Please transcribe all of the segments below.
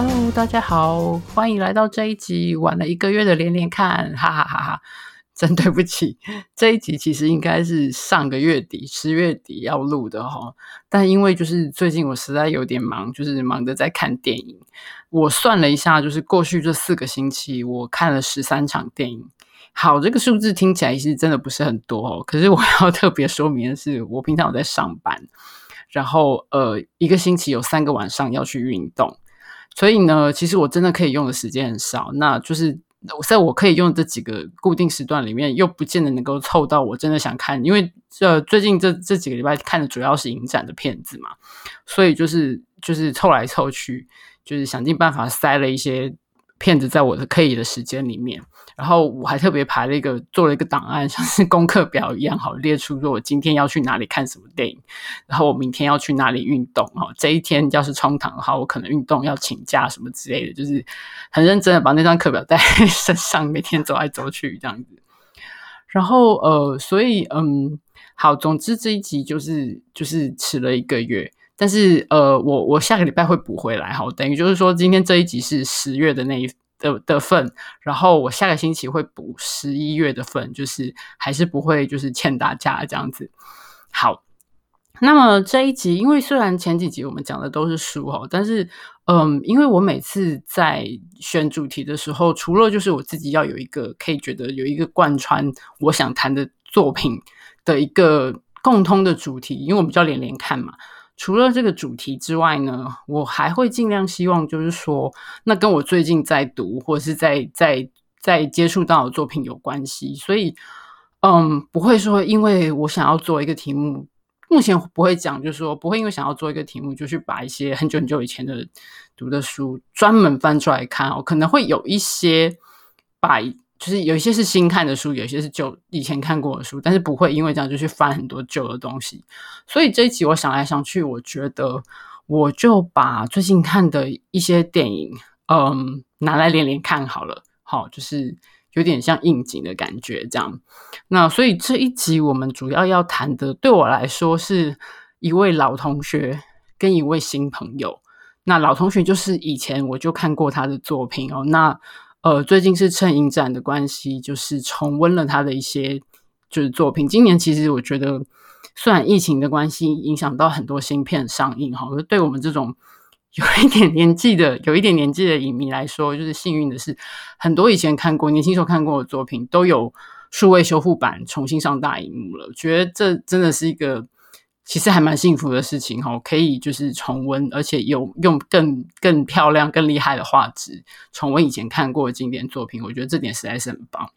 Hello，大家好，歡迎來到這一集晚了一個月的連連看，哈哈哈哈！真對不起，這一集其實應該是上個月底十月底要錄的齁，但因為就是最近我實在有點忙，就是忙着在看電影。我算了一下，就是過去這四個星期，我看了十三場電影。好，這個數字聽起來是真的不是很多哦，可是我要特別說明的是，我平常有在上班，然後呃，一個星期有三個晚上要去運動。所以呢，其實我真的可以用的時間很少。那就是我在我可以用的這幾個固定時段裡面，又不見得能夠湊到我真的想看。因為這最近這這幾個禮拜看的主要是影展的片子嘛，所以就是就是湊來湊去，就是想盡辦法塞了一些片子在我的可以的時間裡面。然後我還特別排了一個做了一個檔案，像是功課表一樣好，好列出說我今天要去哪裡看什麼電影，然後我明天要去哪裡運動。哦，這一天要是衝堂的話，我可能運動要請假什麼之類的，就是很認真的把那張課表帶在身上，每天走來走去這樣子。然後呃，所以嗯，好，總之這一集就是就是遲了一個月，但是呃，我我下個禮拜會補回來。好，等於就是說今天這一集是十月的那一。的的份，然後我下個星期會補十一月的份，就是還是不會就是欠大家這樣子。好，那麼這一集，因為雖然前幾集我們講的都是書哈，但是嗯，因為我每次在選主題的時候，除了就是我自己要有一個可以覺得有一個貫穿我想談的作品的一個共通的主題，因為我比較連連看嘛。除了這個主題之外呢，我還會盡量希望就是說，那跟我最近在讀或是在在在接觸到的作品有關係，所以嗯，不會說因為我想要做一個題目，目前不會講，就是說不會因為想要做一個題目就去把一些很久很久以前的讀的書專門翻出來看哦，我可能會有一些把。就是有一些是新看的書，有一些是舊以前看過的書，但是不會因為這樣就去翻很多舊的東西。所以這一集我想來想去，我覺得我就把最近看的一些電影，嗯，拿來連連看好了。好，就是有點像應景的感覺這樣。那所以這一集我們主要要談的，對我來說是一位老同學跟一位新朋友。那老同學就是以前我就看過他的作品哦，那。呃，最近是趁影展的關係，就是重溫了他的一些就是作品。今年其實我覺得，雖然疫情的關係影響到很多新片上映，哈，對我們這種有一點年紀的、有一點年紀的影迷來說，就是幸運的是，很多以前看過、年輕時候看過的作品，都有數位修復版重新上大螢幕了。覺得這真的是一個。其實還蠻幸福的事情哈，可以就是重溫，而且有用更更漂亮、更厲害的畫質重溫以前看過的經典作品，我覺得這點實在是很棒。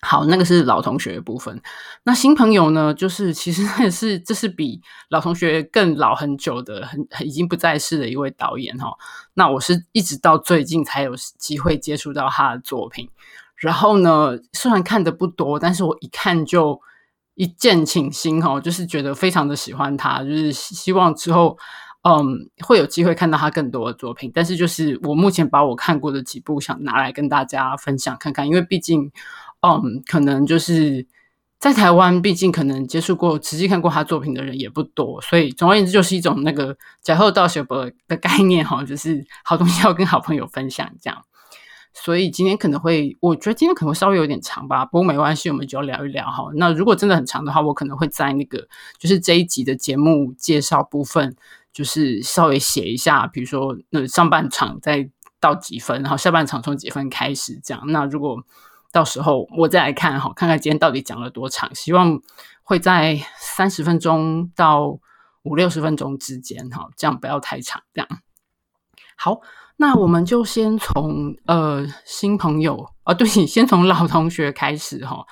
好，那個是老同學的部分，那新朋友呢？就是其實這是這是比老同學更老很久的、很已經不在世的一位導演哈。那我是一直到最近才有機會接觸到他的作品，然後呢，雖然看得不多，但是我一看就。一見傾心哈、哦，就是覺得非常的喜歡他，就是希望之後，嗯，會有機會看到他更多的作品。但是就是我目前把我看過的幾部想拿來跟大家分享看看，因為畢竟，嗯，可能就是在台灣，畢竟可能接觸過、實際看過他作品的人也不多，所以總而言之就是一種那個“呷好道相報”的概念哈、哦，就是好東西要跟好朋友分享這樣。所以今天可能會，我覺得今天可能稍微有點長吧。不過沒關係，我們就要聊一聊哈。那如果真的很長的話，我可能會在那個就是這一集的節目介紹部分，就是稍微寫一下，比如說那個上半場在到幾分，然後下半場從幾分開始這樣。那如果到時候我再來看哈，看看今天到底講了多長，希望會在三十分鐘到五六十分鐘之間哈，這樣不要太長。這樣好。那我們就先從呃新朋友啊，對不起，先從老同學開始哈。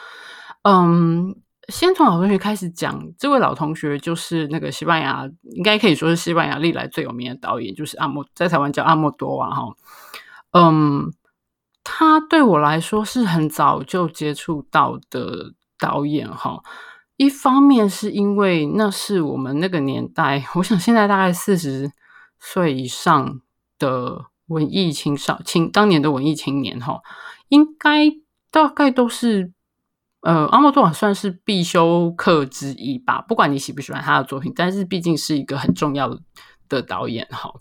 嗯，先從老同學開始講，這位老同學就是那個西班牙，應該可以說是西班牙歷來最有名的導演，就是阿莫，在台灣叫阿莫多瓦哈。嗯，他對我來說是很早就接觸到的導演哈。一方面是因為那是我們那個年代，我想現在大概四十歲以上的。文藝青少青當年的文藝青年哈，應該大概都是呃，阿莫多瓦算是必修課之一吧。不管你喜不喜歡他的作品，但是畢竟是一個很重要的，的導演哈。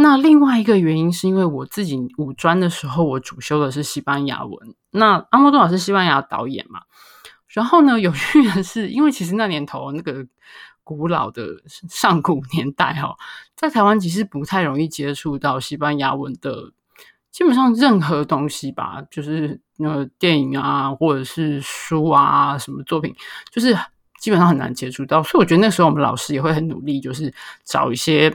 那另外一個原因是因為我自己五專的時候，我主修的是西班牙文。那阿莫多瓦是西班牙導演嘛，然後呢，有趣的是，因為其實那年頭那個。古老的上古年代哦，在台灣其實不太容易接觸到西班牙文的，基本上任何東西吧，就是呃電影啊，或者是書啊，什麼作品，就是基本上很難接觸到。所以我覺得那時候我們老師也會很努力，就是找一些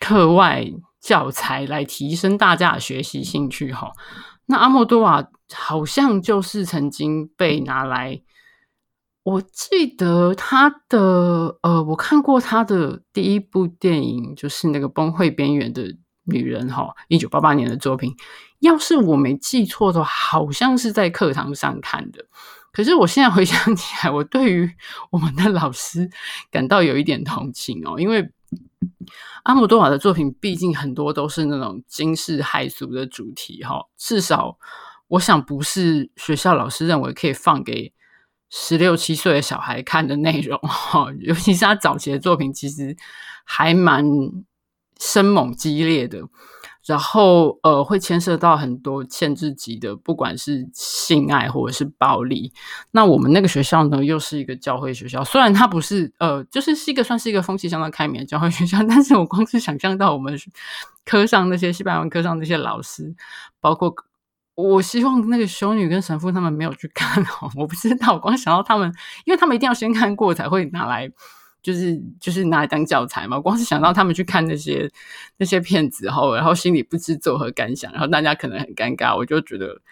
課外教材來提升大家的學習興趣哈。那阿莫多瓦好像就是曾經被拿來。我記得他的呃，我看過他的第一部電影，就是那個《崩潰邊緣的女人》齁哈，一九八八年的作品。要是我沒記錯的話，好像是在課堂上看的。可是我現在回想起來，我對於我們的老師感到有一點同情哦，因為阿姆多瓦的作品畢竟很多都是那種驚世駭俗的主題哈。至少我想，不是學校老師認為可以放給。十六七歲的小孩看的內容哈、哦，尤其是他早期的作品，其實還蠻生猛激烈的。然後呃，會牽涉到很多限制級的，不管是性愛或者是暴力。那我們那個學校呢，又是一個教會學校，雖然它不是呃，就是是一個算是一個風氣相當開明的教會學校，但是我光是想象到我們學科上那些西班牙文科上那些老師，包括。我希望那個修女跟神父他們沒有去看哦，我不知道。我光想到他們，因為他們一定要先看過才會拿來，就是就是拿來當教材嘛。我光是想到他們去看那些那些片子後，然後心裡不知作何感想，然後大家可能很尷尬，我就覺得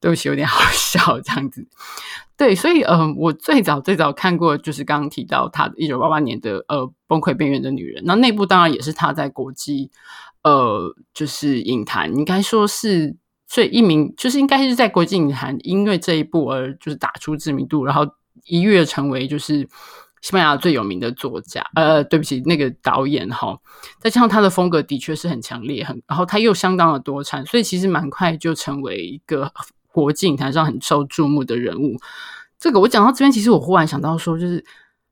都是有點好笑這樣子。對，所以嗯、呃，我最早最早看過就是剛剛提到他的一九八八年的《呃崩潰邊緣的女人》，那那部當然也是他在國際呃，就是影壇應該說是。所以，一名就是應該是在國際影壇，因為這一部而就是打出知名度，然後一躍成為就是西班牙最有名的作家。呃，對不起，那個導演哈。再加上他的風格的確是很強烈，很然後他又相當的多產，所以其實蠻快就成為一個國際影壇上很受注目的人物。這個我講到這邊，其實我忽然想到說，就是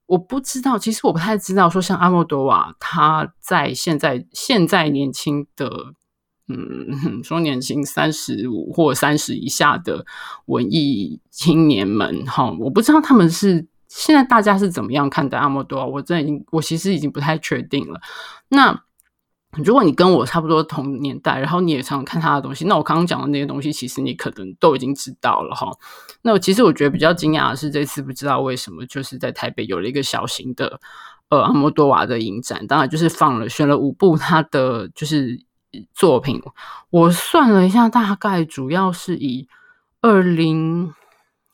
我不知道，其實我不太知道說像阿莫多瓦他在現在現在年輕的。嗯，說年輕三十五或三十以下的文藝青年們，哈，我不知道他們是現在大家是怎麼樣看待阿莫多瓦，我真的我其實已經不太確定了。那如果你跟我差不多同年代，然後你也常常看他的東西，那我剛剛講的那些東西，其實你可能都已經知道了，哈。那我其實我覺得比較驚訝的是，這次不知道為什麼，就是在台北有了一個小型的，呃，阿莫多瓦的影展，當然就是放了，選了五部他的，就是。作品，我算了一下，大概主要是以二零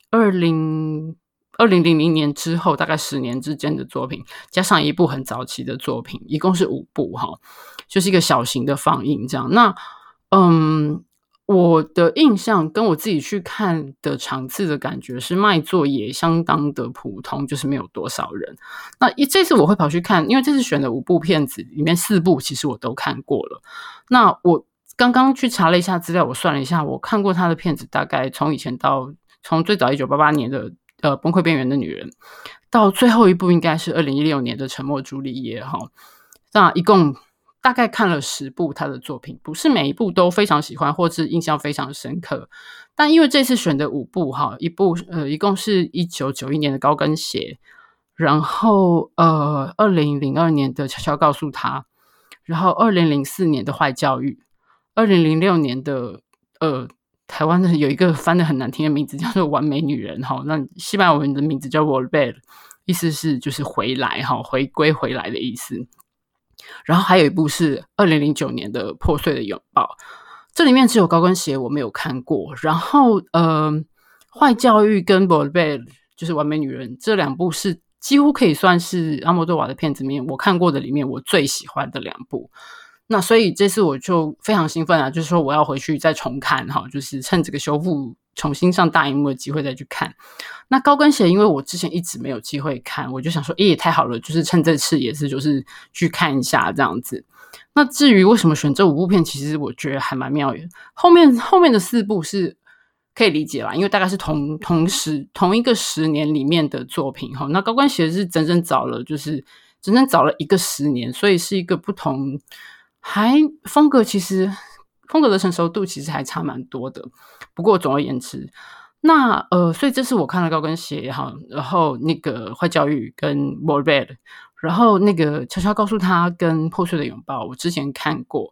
二零二零零零年之後大概十年之間的作品，加上一部很早期的作品，一共是五部齁，就是一個小型的放映這樣。那，嗯。我的印象跟我自己去看的場次的感覺是賣座也相當的普通，就是沒有多少人。那一，這次我會跑去看，因為這次選的五部片子裡面四部其實我都看過了。那我剛剛去查了一下資料，我算了一下，我看過他的片子大概從以前到從最早一九八八年的呃《崩潰邊緣的女人》到最後一部應該是二零一六年的《沉默茱麗葉》齁。那一共。大概看了十部他的作品，不是每一部都非常喜歡，或是印象非常深刻。但因為這次選的五部哈，一部呃，一共是一九九一年的高跟鞋，然後呃，二零零二年的悄悄告訴他，然後二零零四年的壞教育，二零零六年的呃，台灣的有一個翻得很難聽的名字叫做玩美女人哈，那西班牙文的名字叫 Volver，意思是就是回來哈，回歸回來的意思。然後還有一部是二零零九年的《破碎的擁抱》，這裡面只有高跟鞋我沒有看過。然後，嗯、呃，《壞教育》跟《Volver》就是《玩美女人》這兩部是幾乎可以算是阿莫多瓦的片子裡面我看過的裡面我最喜歡的兩部。那所以這次我就非常興奮啊，就是說我要回去再重看哈，就是趁這個修復重新上大熒幕的機會再去看。那高跟鞋，因為我之前一直沒有機會看，我就想說，欸，也太好了，就是趁這次也是就是去看一下這樣子。那至於為什麼選這五部片，其實我覺得還蠻妙的。後面後面的四部是可以理解啦，因為大概是同同時同一個十年裡面的作品哈。那高跟鞋是整整早了，就是整整早了一個十年，所以是一個不同。還風格，其實風格的成熟度其實還差蠻多的，不過總而言之，那呃，所以這次我看了高跟鞋也好，然後那個壞教育跟《Volver》然後那個悄悄告訴他跟破碎的擁抱，我之前看過，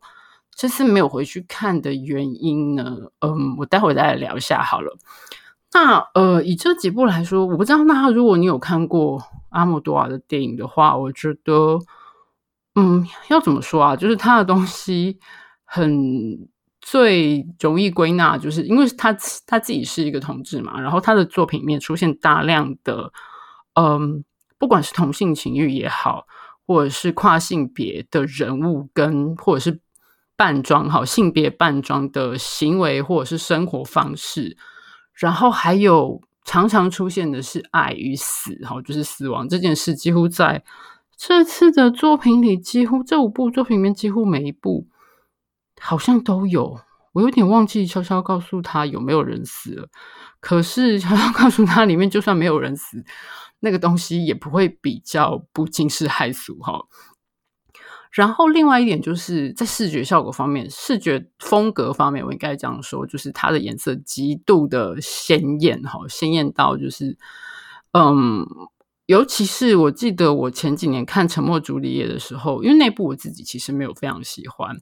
這次沒有回去看的原因呢，嗯，我待會再來聊一下好了。那呃，以這幾部來說，我不知道那如果你有看過阿姆多瓦的電影的話，我覺得。嗯，要怎麼說啊？就是他的東西很最容易歸納，就是因為他他自己是一個同志嘛，然後他的作品裡面出現大量的，嗯，不管是同性情欲也好，或者是跨性別的人物跟，或者是扮裝好性別扮裝的行為或者是生活方式，然後還有常常出現的是愛與死，好，就是死亡，這件事幾乎在。這次的作品裡，幾乎這五部作品裡面幾乎每一部好像都有，我有點忘記悄悄告訴他有沒有人死了。可是悄悄告訴他，裡面就算沒有人死，那個東西也不會比較不驚世駭俗哈。然後另外一點就是在視覺效果方面、視覺風格方面，我應該這樣說，就是它的顏色極度的鮮豔哈，鮮豔到就是嗯。尤其是我記得我前幾年看《沉默茱麗葉》的時候，因為那部我自己其實沒有非常喜歡。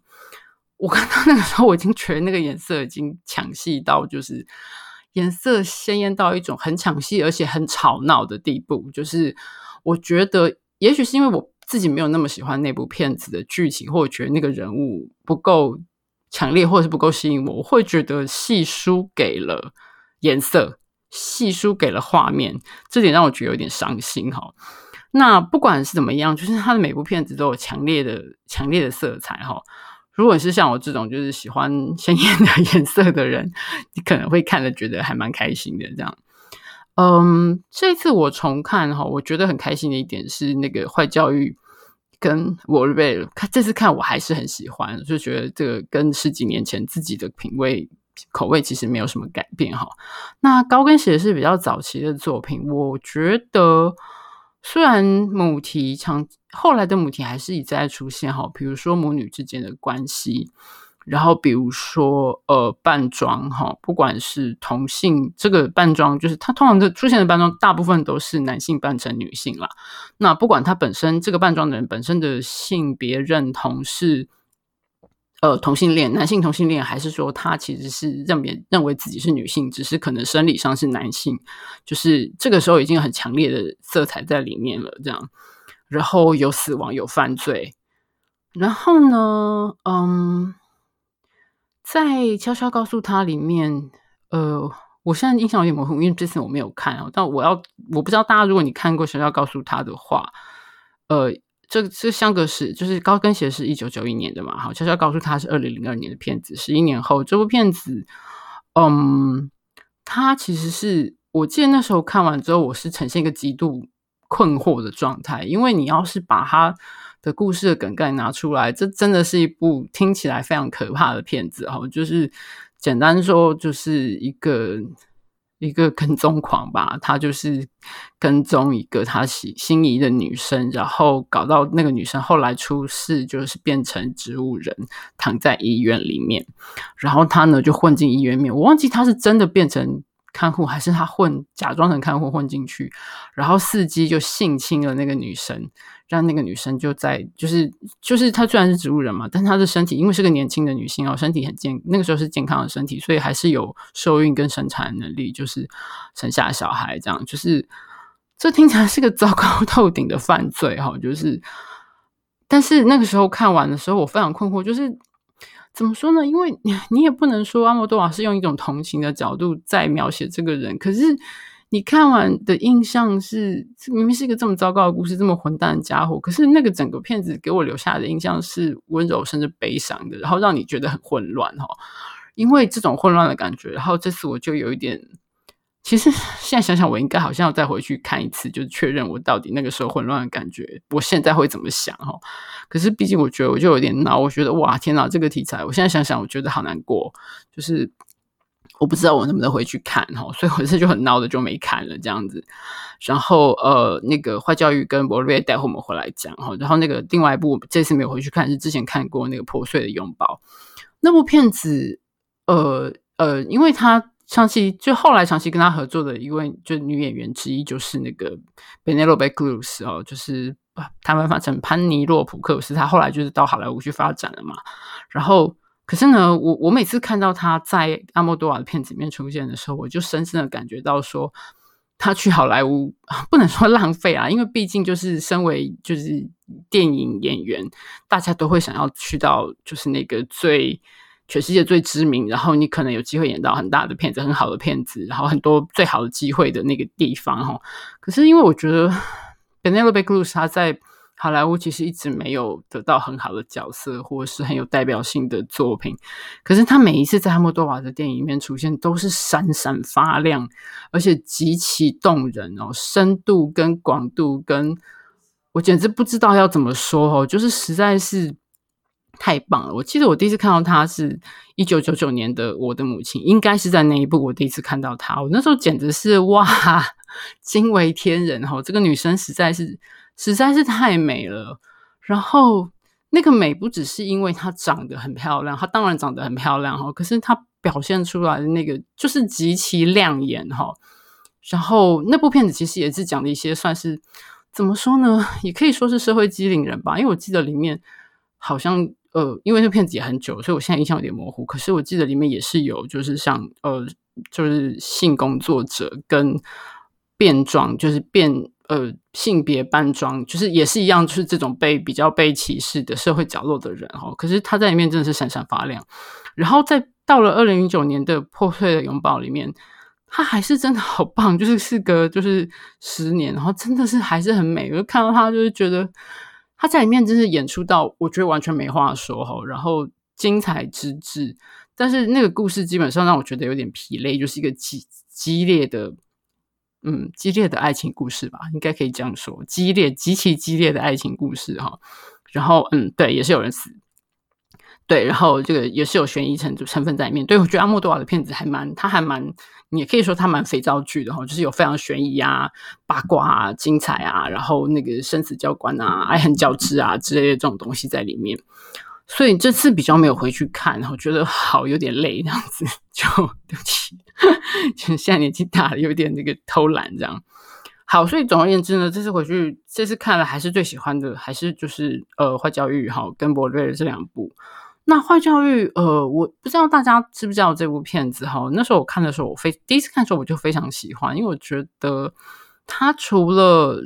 我看到那個時候，我已經覺得那個顏色已經搶戲到，就是顏色鮮豔到一種很搶戲，而且很吵鬧的地步。就是我覺得，也許是因為我自己沒有那麼喜歡那部片子的劇情，或者覺得那個人物不夠強烈，或者是不夠吸引我，我會覺得戲輸給了顏色。細書給了畫面，這點讓我覺得有點傷心哈。那不管是怎麼樣，就是他的每部片子都有強烈的、強烈的色彩哈。如果是像我這種就是喜歡鮮豔的顏色的人，你可能會看了覺得還蠻開心的這樣。嗯，這次我重看哈，我覺得很開心的一點是那個《壞教慾》跟 Volver，看這次看我還是很喜歡，就覺得這個跟十幾年前自己的品味。口味其實沒有什麼改變哈。那高跟鞋是比較早期的作品，我覺得雖然母題常後來的母題還是一再出現哈，比如說母女之間的關係，然後比如說呃扮裝哈，不管是同性這個扮裝，就是它通常的出現的扮裝大部分都是男性扮成女性啦。那不管他本身這個扮裝的人本身的性別認同是。呃，同性戀，男性同性戀，還是說他其實是認別認為自己是女性，只是可能生理上是男性，就是這個時候已經很強烈的色彩在裡面了，這樣，然後有死亡，有犯罪，然後呢，嗯，在悄悄告訴他裡面，呃，我現在印象有點模糊，因為之前我沒有看、啊、但我要，我不知道大家如果你看過悄悄告訴他的話，呃。這這相隔是，就是高跟鞋是一九九一年的嘛，好悄悄告訴他是二零零二年的片子。十一年後，這部片子，嗯，它其實是我記得那時候看完之後，我是呈現一個極度困惑的狀態，因為你要是把它的故事的梗概拿出來，這真的是一部聽起來非常可怕的片子好，就是簡單說就是一個。一個跟蹤狂吧，他就是跟蹤一個他心心儀的女生，然後搞到那個女生後來出事，就是變成植物人，躺在醫院裡面，然後他呢就混進醫院面，我忘記他是真的變成。看護還是他混假裝成看護混進去，然後伺機就性侵了那個女生，讓那個女生就在就是就是她雖然是植物人嘛，但她的身體因為是個年輕的女性哦，身體很健，那個時候是健康的身體，所以還是有受孕跟生產能力，就是生下小孩這樣，就是這聽起來是個糟糕透頂的犯罪哦，就是但是那個時候看完的時候，我非常困惑，就是。怎麼說呢？因為你也不能說阿莫多瓦是用一種同情的角度在描寫這個人。可是你看完的印象是，明明是一個這麼糟糕的故事，這麼混蛋的家夥。可是那個整個片子給我留下來的印象是溫柔甚至悲傷的，然後讓你覺得很混亂哈、哦。因為這種混亂的感覺，然後這次我就有一點。其實現在想想，我應該好像要再回去看一次，就是確認我到底那個時候混亂的感覺，我現在會怎麼想哈？可是畢竟我覺得我就有點鬧，我覺得哇天哪，這個題材，我現在想想我覺得好難過，就是我不知道我能不能回去看哈，所以我這就很鬧的就沒看了這樣子。然後呃，那個《壞教慾》跟《Volver》，待會我們回來講哈。然後那個另外一部，我這次沒有回去看，是之前看過那個《破碎的擁抱》那部片子，呃呃，因為它。長期就後來長期跟他合作的一位就女演員之一就是那個 Penélope Cruz 哦，就是台灣翻成潘尼洛普克斯，是她後來就是到好萊塢去發展了嘛。然後，可是呢，我我每次看到她在阿莫多瓦的片子裡面出現的時候，我就深深的感覺到說，他去好萊塢不能說浪費啊，因為畢竟就是身為就是電影演員，大家都會想要去到就是那個最。全世界最知名，然後你可能有機會演到很大的片子、很好的片子，然後很多最好的機會的那個地方，哦，哈。可是因為我覺得 Penélope Cruz 他在好萊塢其實一直沒有得到很好的角色，或是很有代表性的作品。可是他每一次在阿莫多瓦的電影裡面出現，都是閃閃發亮，而且極其動人哦，深度跟廣度跟我簡直不知道要怎麼說哦，就是實在是。太棒了！我記得我第一次看到她是一九九九年的《我的母親》，應該是在那一部我第一次看到她。我那時候簡直是哇，驚為天人哈！這個女生實在是實在是太美了。然後那個美不只是因為她長得很漂亮，她當然長得很漂亮哈，可是她表現出來的那個就是極其亮眼哈。然後那部片子其實也是講了一些算是怎麼說呢？也可以說是社會機靈人吧，因為我記得裡面好像。呃，因為那片子也很久，所以我現在印象有點模糊。可是我記得裡面也是有，就是像呃，就是性工作者跟變裝，就是變呃性別扮裝，就是也是一樣，就是這種被比較被歧視的社會角落的人哈、哦。可是他在裡面真的是閃閃發亮。然後在到了二零零九年的《破碎的擁抱》裡面，他還是真的好棒，就是事隔就是十年，然後真的是還是很美。我就看到他，就是覺得。他在裡面真是演出到，我覺得完全沒話說齁，然後精彩之至，但是那個故事基本上讓我覺得有點疲累，就是一個激激烈的，嗯，激烈的愛情故事吧，應該可以這樣說，激烈極其激烈的愛情故事齁，然後，嗯，對，也是有人死，對，然後這個也是有懸疑成成分在裡面。對，我覺得阿莫多瓦的片子還蠻，他還蠻。你也可以說它蠻肥皂劇的，就是有非常懸疑啊、八卦啊、精彩啊，然後那個生死交關啊、愛恨交織啊之類的這種東西在裡面。所以這次比較沒有回去看，我覺得好有點累這樣子，就對不起，就現在年紀大了有點那個偷懶這樣。好，所以總而言之呢，這次回去這次看了還是最喜歡的，還是就是呃《壞教育》哦、哈跟《博瑞》這兩部。那壞教慾，呃，我不知道大家知不知道這部片子哈。那時候我看的時候，我非第一次看的時候，我就非常喜歡，因為我覺得它除了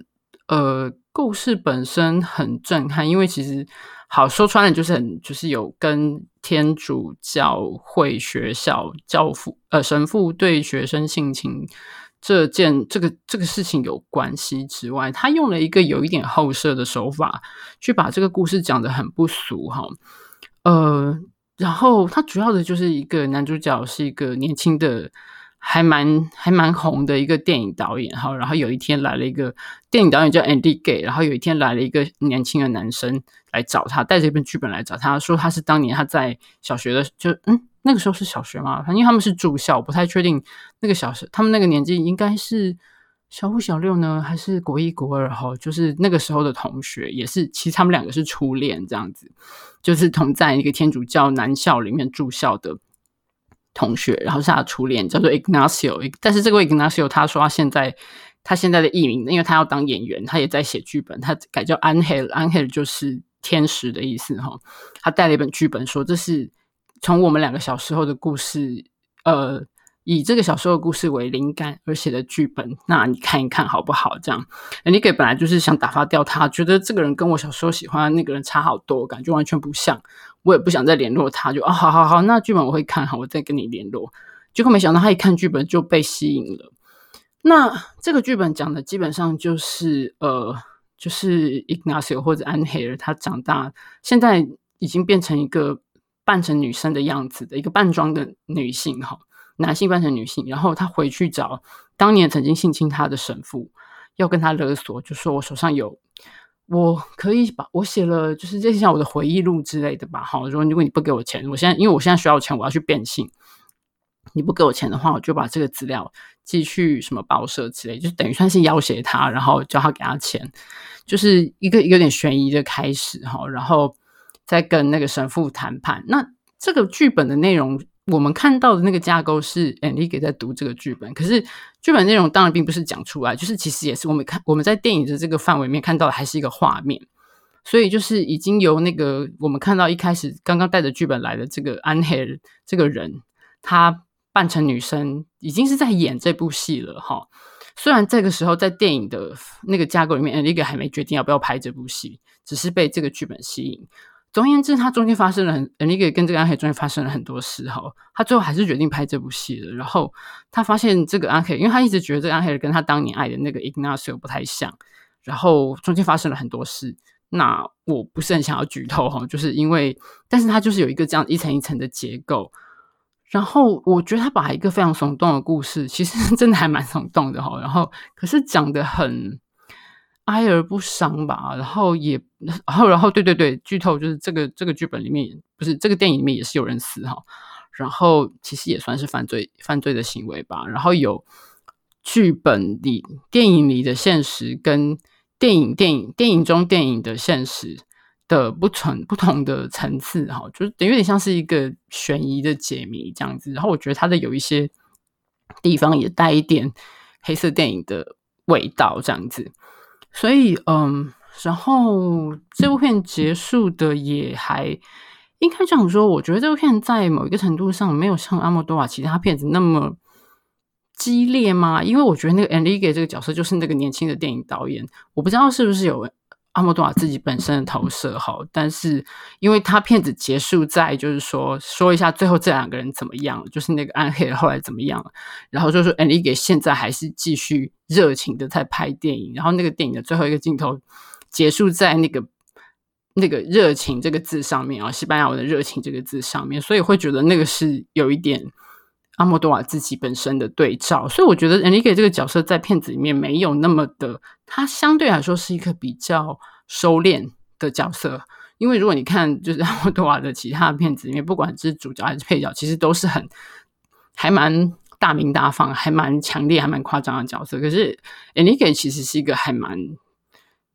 呃故事本身很震撼，因為其實好說穿了就是很就是有跟天主教會學校教父呃神父對學生性侵這件這個這個事情有關係之外，他用了一個有一點後設的手法，去把這個故事講得很不俗哈。呃，然後他主要的就是一個男主角是一個年輕的，還蠻還蠻紅的一個電影導演。好，然後有一天來了一個電影導演叫 Andy Gay，然後有一天來了一個年輕的男生來找他，帶着一本劇本來找他，說他是當年他在小學的，就嗯那個時候是小學嘛，反正因為他們是住校，我不太確定那個小時他們那個年紀應該是。小五、小六呢，還是國一、國二哈、哦？就是那個時候的同學，也是其實他們兩個是初戀，這樣子，就是同在一個天主教男校裡面住校的同學，然後是他初戀，叫做 Ignacio。但是這個 Ignacio，他說他現在他現在的藝名，因為他要當演員，他也在寫劇本，他改叫 Ángel，Ángel 就是天使的意思哈、哦。他帶了一本劇本，說這是從我們兩個小時候的故事，呃。以這個小說的故事為靈感而寫的劇本，那你看一看好不好？這樣 Enrique 本來就是想打發掉他，覺得這個人跟我小時候喜歡那個人差好多，感覺完全不像，我也不想再聯絡他，就啊、哦，好好好，那劇本我會看，好，我再跟你聯絡。結果沒想到他一看劇本就被吸引了。那這個劇本講的基本上就是呃，就是 Ignacio 或者 Ángel，他長大現在已經變成一個扮成女生的樣子的一個扮裝的女性哈。男性扮成女性，然後他回去找當年曾經性侵他的神父，要跟他勒索，就說：“我手上有，我可以把，我寫了，就是這些像我的回憶錄之類的吧。”好，說：“如果你不給我錢，我現在因為我現在需要錢，我要去變性，你不給我錢的話，我就把這個資料寄去什麼報社之類，就等於算是要挾他，然後叫他給他錢，就是一個，一個有點懸疑的開始哈。然後再跟那個神父談判，那這個劇本的內容。我們看到的那個架構是 Enrique 在讀這個劇本，可是劇本內容當然並不是講出來，就是其實也是我們看，我們在電影的這個範圍裡面看到的還是一個畫面，所以就是已經由那個我們看到一開始剛剛帶着劇本來的這個 Ángel 這個人，他扮成女生，已經是在演這部戲了哈。雖然這個時候在電影的那個架構裡面 Enrique 還沒決定要不要拍這部戲，只是被這個劇本吸引。總而言之，他中間發生了很 a n 跟這個阿 K 中間發生了很多事哈。他最後還是決定拍這部戲的，然後他發現這個阿 K，因為他一直覺得這個阿 K 跟他當年愛的那個 Ignacio 不太像。然後中間發生了很多事。那我不是很想要劇透哈，就是因為，但是他就是有一個這樣一層一層的結構。然後我覺得他把一個非常聳動的故事，其實真的還蠻聳動的哈。然後可是講的很。哀而不傷吧，然後也，然後然後對對對，劇透就是這個這個劇本裡面不是這個電影裡面也是有人死哈，然後其實也算是犯罪犯罪的行為吧，然後有劇本裡電影裡的現實跟電影電影電影中電影的現實的不成不同的層次哈，就是有點像是一個懸疑的解謎這樣子，然後我覺得它的有一些地方也帶一點黑色電影的味道這樣子。所以，嗯，然後這部片結束的也還應該這樣說，我覺得這部片在某一個程度上沒有像阿莫多瓦其他片子那麼激烈嗎？因為我覺得那個 Enrique 這個角色就是那個年輕的電影導演，我不知道是不是有。阿莫多瓦自己本身的投射哈，但是因為他片子結束在就是說，說一下最後這兩個人怎麼樣，就是那個暗黑的後來怎麼樣，然後就是 Enrique 現在還是繼續熱情的在拍電影，然後那個電影的最後一個鏡頭結束在那個那個熱情這個字上面啊，西班牙文的熱情這個字上面，所以會覺得那個是有一點。阿莫多瓦自己本身的對照，所以我覺得 Enrique 這個角色在片子裡面沒有那麼的，他相對來說是一個比較收斂的角色。因為如果你看就是阿莫多瓦的其他的片子裡面，不管是主角還是配角，其實都是很還蠻大鳴大放，還蠻強烈，還蠻誇張的角色。可是 Enrique 其實是一個還蠻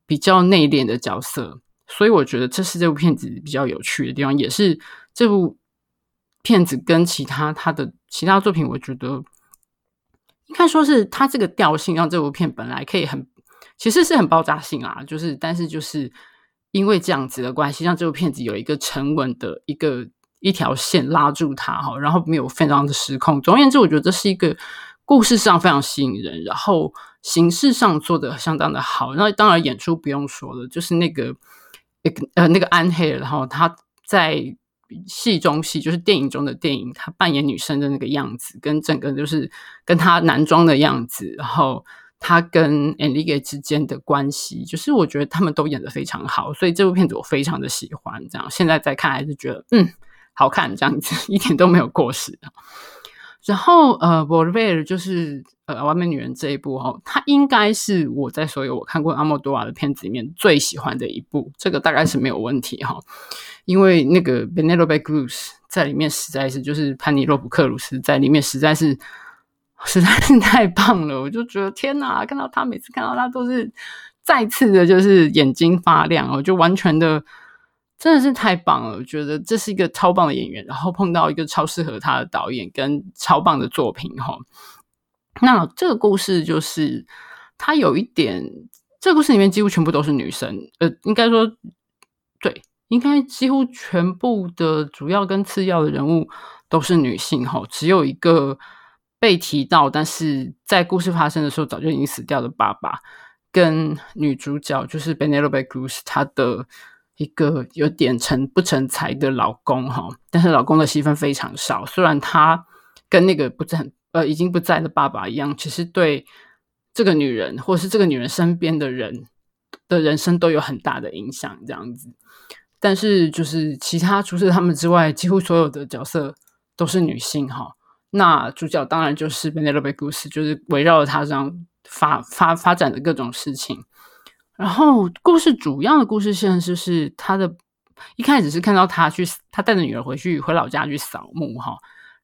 比較內斂的角色，所以我覺得這是這部片子比較有趣的地方，也是這部片子跟其他他的。其他作品，我覺得應該說是他這個調性讓這部片本來可以很，其實是很爆炸性啊，就是但是就是因為這樣子的關係，讓這部片子有一個沉穩的一個一條線拉住它哈，然後沒有非常的失控。總而言之，我覺得這是一個故事上非常吸引人，然後形式上做的相當的好。那當然演出不用說了，就是那個呃那個安赫，然後他在。戲中戲就是電影中的電影，他扮演女生的那個樣子，跟整個就是跟他男裝的樣子，然後他跟 Enrique 之間的關係，就是我覺得他們都演得非常好，所以這部片子我非常的喜歡。這樣現在再看還是覺得嗯好看，這樣子一點都沒有過時。然後呃 Volver 就是呃，《玩美女人》這一部哦，它應該是我在所有我看過阿莫多瓦的片子裡面最喜歡的一部，這個大概是沒有問題哈、哦。因為那個 Penélope Cruz 在裡面實在是，就是潘尼洛普克魯斯在裡面實在是，實在是太棒了。我就覺得天哪，看到他每次看到他都是再次的，就是眼睛發亮，我就完全的。真的是太棒了！我覺得這是一個超棒的演員，然後碰到一個超適合他的導演跟超棒的作品齁。那這個故事就是，他有一點，這個故事裡面幾乎全部都是女生，呃，應該說，對，應該幾乎全部的主要跟次要的人物都是女性齁，只有一個被提到，但是在故事發生的時候早就已經死掉的爸爸跟女主角就是 Penélope Cruz 他的。一個有點成不成才的老公哈，但是老公的戲份非常少。雖然他跟那個不在呃，已經不在的爸爸一樣，其實對這個女人或者是這個女人身邊的人的人生都有很大的影響。這樣子，但是就是其他除了他們之外，幾乎所有的角色都是女性哈。那主角當然就是 Penélope 故事，就是圍繞着她這樣發發發展的各種事情。然後故事主要的故事線就是他的。一開始是看到他去，他帶着女兒回去回老家去掃墓哈。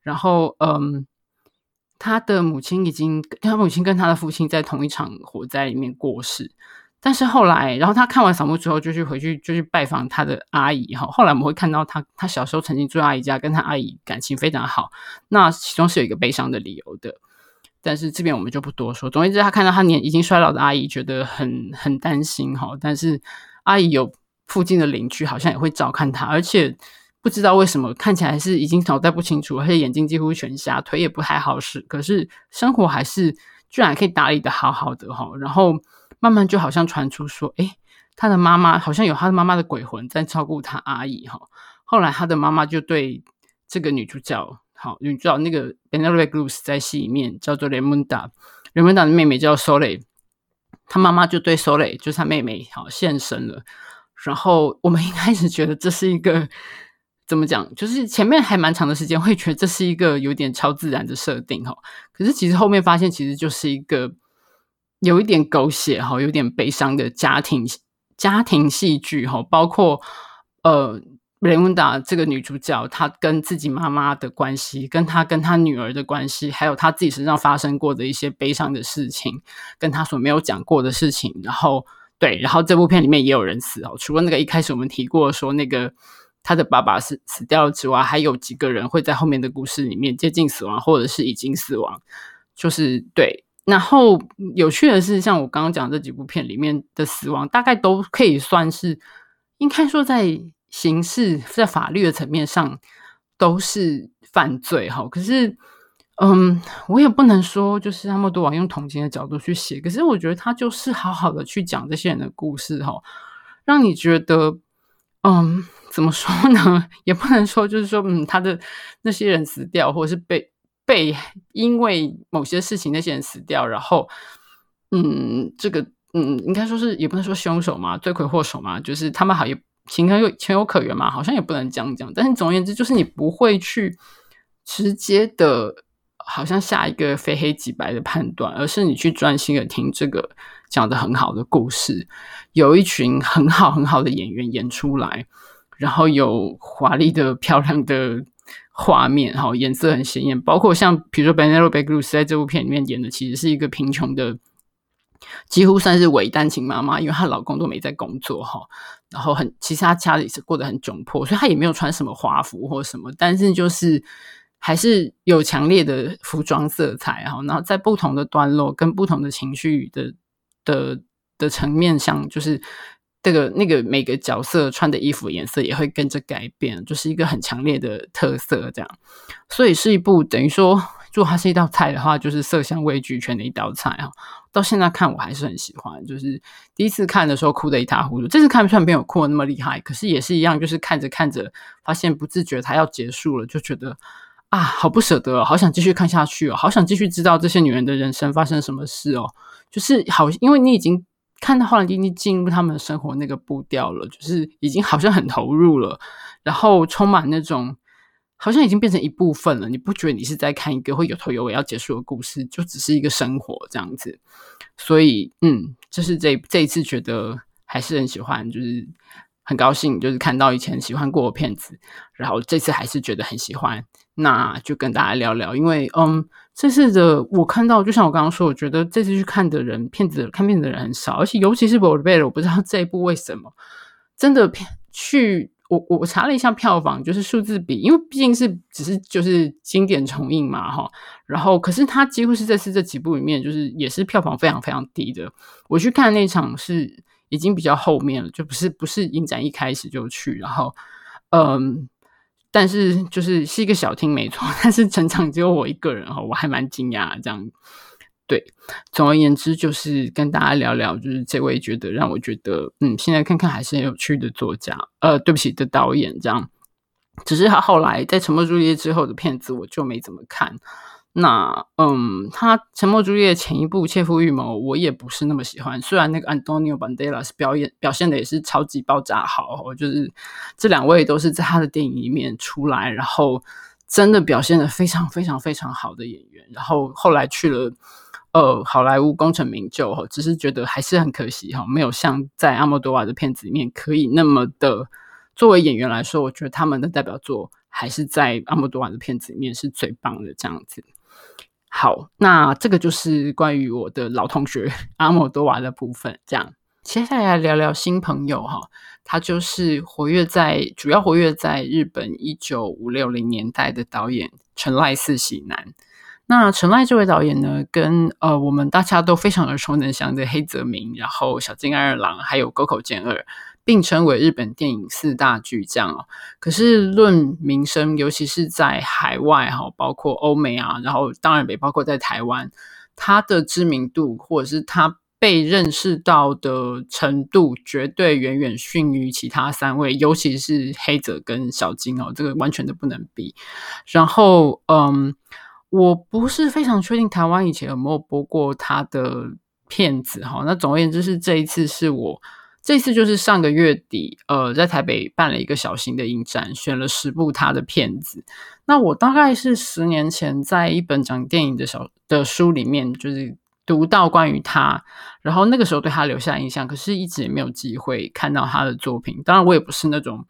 然後嗯，他的母親已經，他母親跟他的父親在同一場火災裡面過世。但是後來，然後他看完掃墓之後，就去回去就去拜訪他的阿姨哈。後來我們會看到他，他小時候曾經住阿姨家，跟他阿姨感情非常好。那其中是有一個悲傷的理由的。但是這邊我們就不多說。總而言之，他看到他年已經衰老的阿姨，覺得很很擔心哈。但是阿姨有附近的鄰居，好像也會照看他。而且不知道為什麼，看起來是已經腦袋不清楚，他的眼睛幾乎全瞎，腿也不太好使。可是生活還是居然可以打理得好好的哈。然後慢慢就好像傳出說，哎、欸，他的媽媽好像有他的媽媽的鬼魂在照顧他阿姨哈。後來他的媽媽就對這個女主角。好，你知道那個 Penélope Cruz 在戲裡面叫做雷蒙達，雷蒙達的妹妹叫 Soleil。她媽媽就對 Soleil，就是她妹妹，好現身了。然後我們一開始覺得這是一個怎麼講，就是前面還蠻長的時間會覺得這是一個有點超自然的設定哈。可是其實後面發現，其實就是一個有一點狗血哈，有點悲傷的家庭家庭戲劇哈，包括呃。雷文達這個女主角，她跟自己媽媽的關係，跟她跟她女兒的關係，還有她自己身上發生過的一些悲傷的事情，跟她所沒有講過的事情。然後，對，然後這部片裡面也有人死哦，除了那個一開始我們提過說那個她的爸爸是死，死掉之外，還有幾個人會在後面的故事裡面接近死亡，或者是已經死亡。就是對，然後有趣的是，像我剛剛講這幾部片裡面的死亡，大概都可以算是，應該說在。刑事在法律的層面上都是犯罪哈，可是，嗯，我也不能說就是那麼多網用同情的角度去寫。可是我覺得他就是好好的去講這些人的故事哈，讓你覺得，嗯，怎麼說呢？也不能說就是說，嗯，他的那些人死掉，或者是被被因為某些事情那些人死掉，然後，嗯，這個，嗯，應該說是也不能說兇手嘛，罪魁禍首嘛，就是他們好也。情有情有可原嘛，好像也不能講講。但是總而言之，就是你不會去直接的，好像下一個非黑即白的判斷，而是你去專心的聽這個講得很好的故事，有一群很好很好的演員演出來，然後有華麗的漂亮的畫面，哈，顏色很鮮豔。包括像比如說 Penélope Cruz 在這部片裡面演的，其實是一個貧窮的。幾乎算是偽單親媽媽，因為她老公都沒在工作，然後很其實她家裡是過得很窘迫，所以她也沒有穿什麼華服或什麼，但是就是還是有強烈的服裝色彩，然後在不同的段落跟不同的情緒的的的、的層面上，就是這個那個每個角色穿的衣服的顏色也會跟着改變，就是一個很強烈的特色這樣，所以是一部等於說。做它是一道菜的話，就是色香味俱全的一道菜啊！到現在看我還是很喜歡，就是第一次看的時候哭得一塌糊塗，這次看雖然沒有哭得那麼厲害，可是也是一樣，就是看着看着發現不自覺它要結束了，就覺得啊，好不捨得、哦，好想繼續看下去哦，好想繼續知道這些女人的人生發生什麼事哦，就是好，因為你已經看到後來你已經進入他們的生活那個步調了，就是已經好像很投入了，然後充滿那種。好像已經變成一部分了，你不覺得你是在看一個會有頭有尾要結束的故事，就只是一個生活這樣子？所以，嗯，這、就是這這一次覺得還是很喜歡，就是很高興，就是看到以前喜歡過的片子，然後這次還是覺得很喜歡。那就跟大家聊聊，因為，嗯，這次的我看到，就像我剛剛說，我覺得這次去看的人，片子看片子的人很少，而且尤其是《Volver》，我不知道這一部為什麼真的去。我我查了一下票房，就是數字比，因為畢竟是只是就是經典重映嘛，齁。然後，可是他幾乎是這次這幾部裡面，就是也是票房非常非常低的。我去看那場是已經比較後面了，就不是不是影展一開始就去，然後嗯，但是就是是一個小廳沒錯，但是整場只有我一個人齁，我還蠻驚訝這樣。對，總而言之，就是跟大家聊聊，就是這位覺得讓我覺得，嗯，現在看看還是很有趣的作家，呃，對不起的導演，這樣。只是他後來在《沉默茱麗葉》之後的片子，我就沒怎麼看。那，嗯，他《沉默茱麗葉》前一部《切膚慾謀》，我也不是那麼喜歡。雖然那個安東尼奧·班德拉斯表演表現的也是超級爆炸好，就是這兩位都是在他的電影裡面出來，然後真的表現的非常非常非常好的演員。然後後來去了。呃，好萊塢功成名就哈，只是覺得還是很可惜哈，沒有像在阿莫多瓦的片子裡面可以那麼的。作為演員來說，我覺得他們的代表作還是在阿莫多瓦的片子裡面是最棒的這樣子。好，那這個就是關於我的老同學阿莫多瓦的部分。這樣，接下來，來聊聊新朋友哈，他就是活躍在主要活躍在日本一九五六零年代的導演成瀨巳喜男。那成瀨這位導演呢，跟呃我們大家都非常耳熟能詳的黑澤明，然後小津安二郎還有溝口健二並稱為日本電影四大巨匠哦。可是論名聲，尤其是在海外哈，哦，包括歐美啊，然後當然也包括在台灣，他的知名度或者是他被認識到的程度，絕對遠遠遜於其他三位，尤其是黑澤跟小津哦，這個完全都不能比。然後嗯。我不是非常確定台灣以前有沒有播過他的片子哈。那總而言之，就是這一次是我，這次就是上個月底呃，在台北辦了一個小型的影展，選了十部他的片子。那我大概是十年前在一本講電影的小的書裡面，就是讀到關於他，然後那個時候對他留下印象，可是一直也沒有機會看到他的作品。當然我也不是那種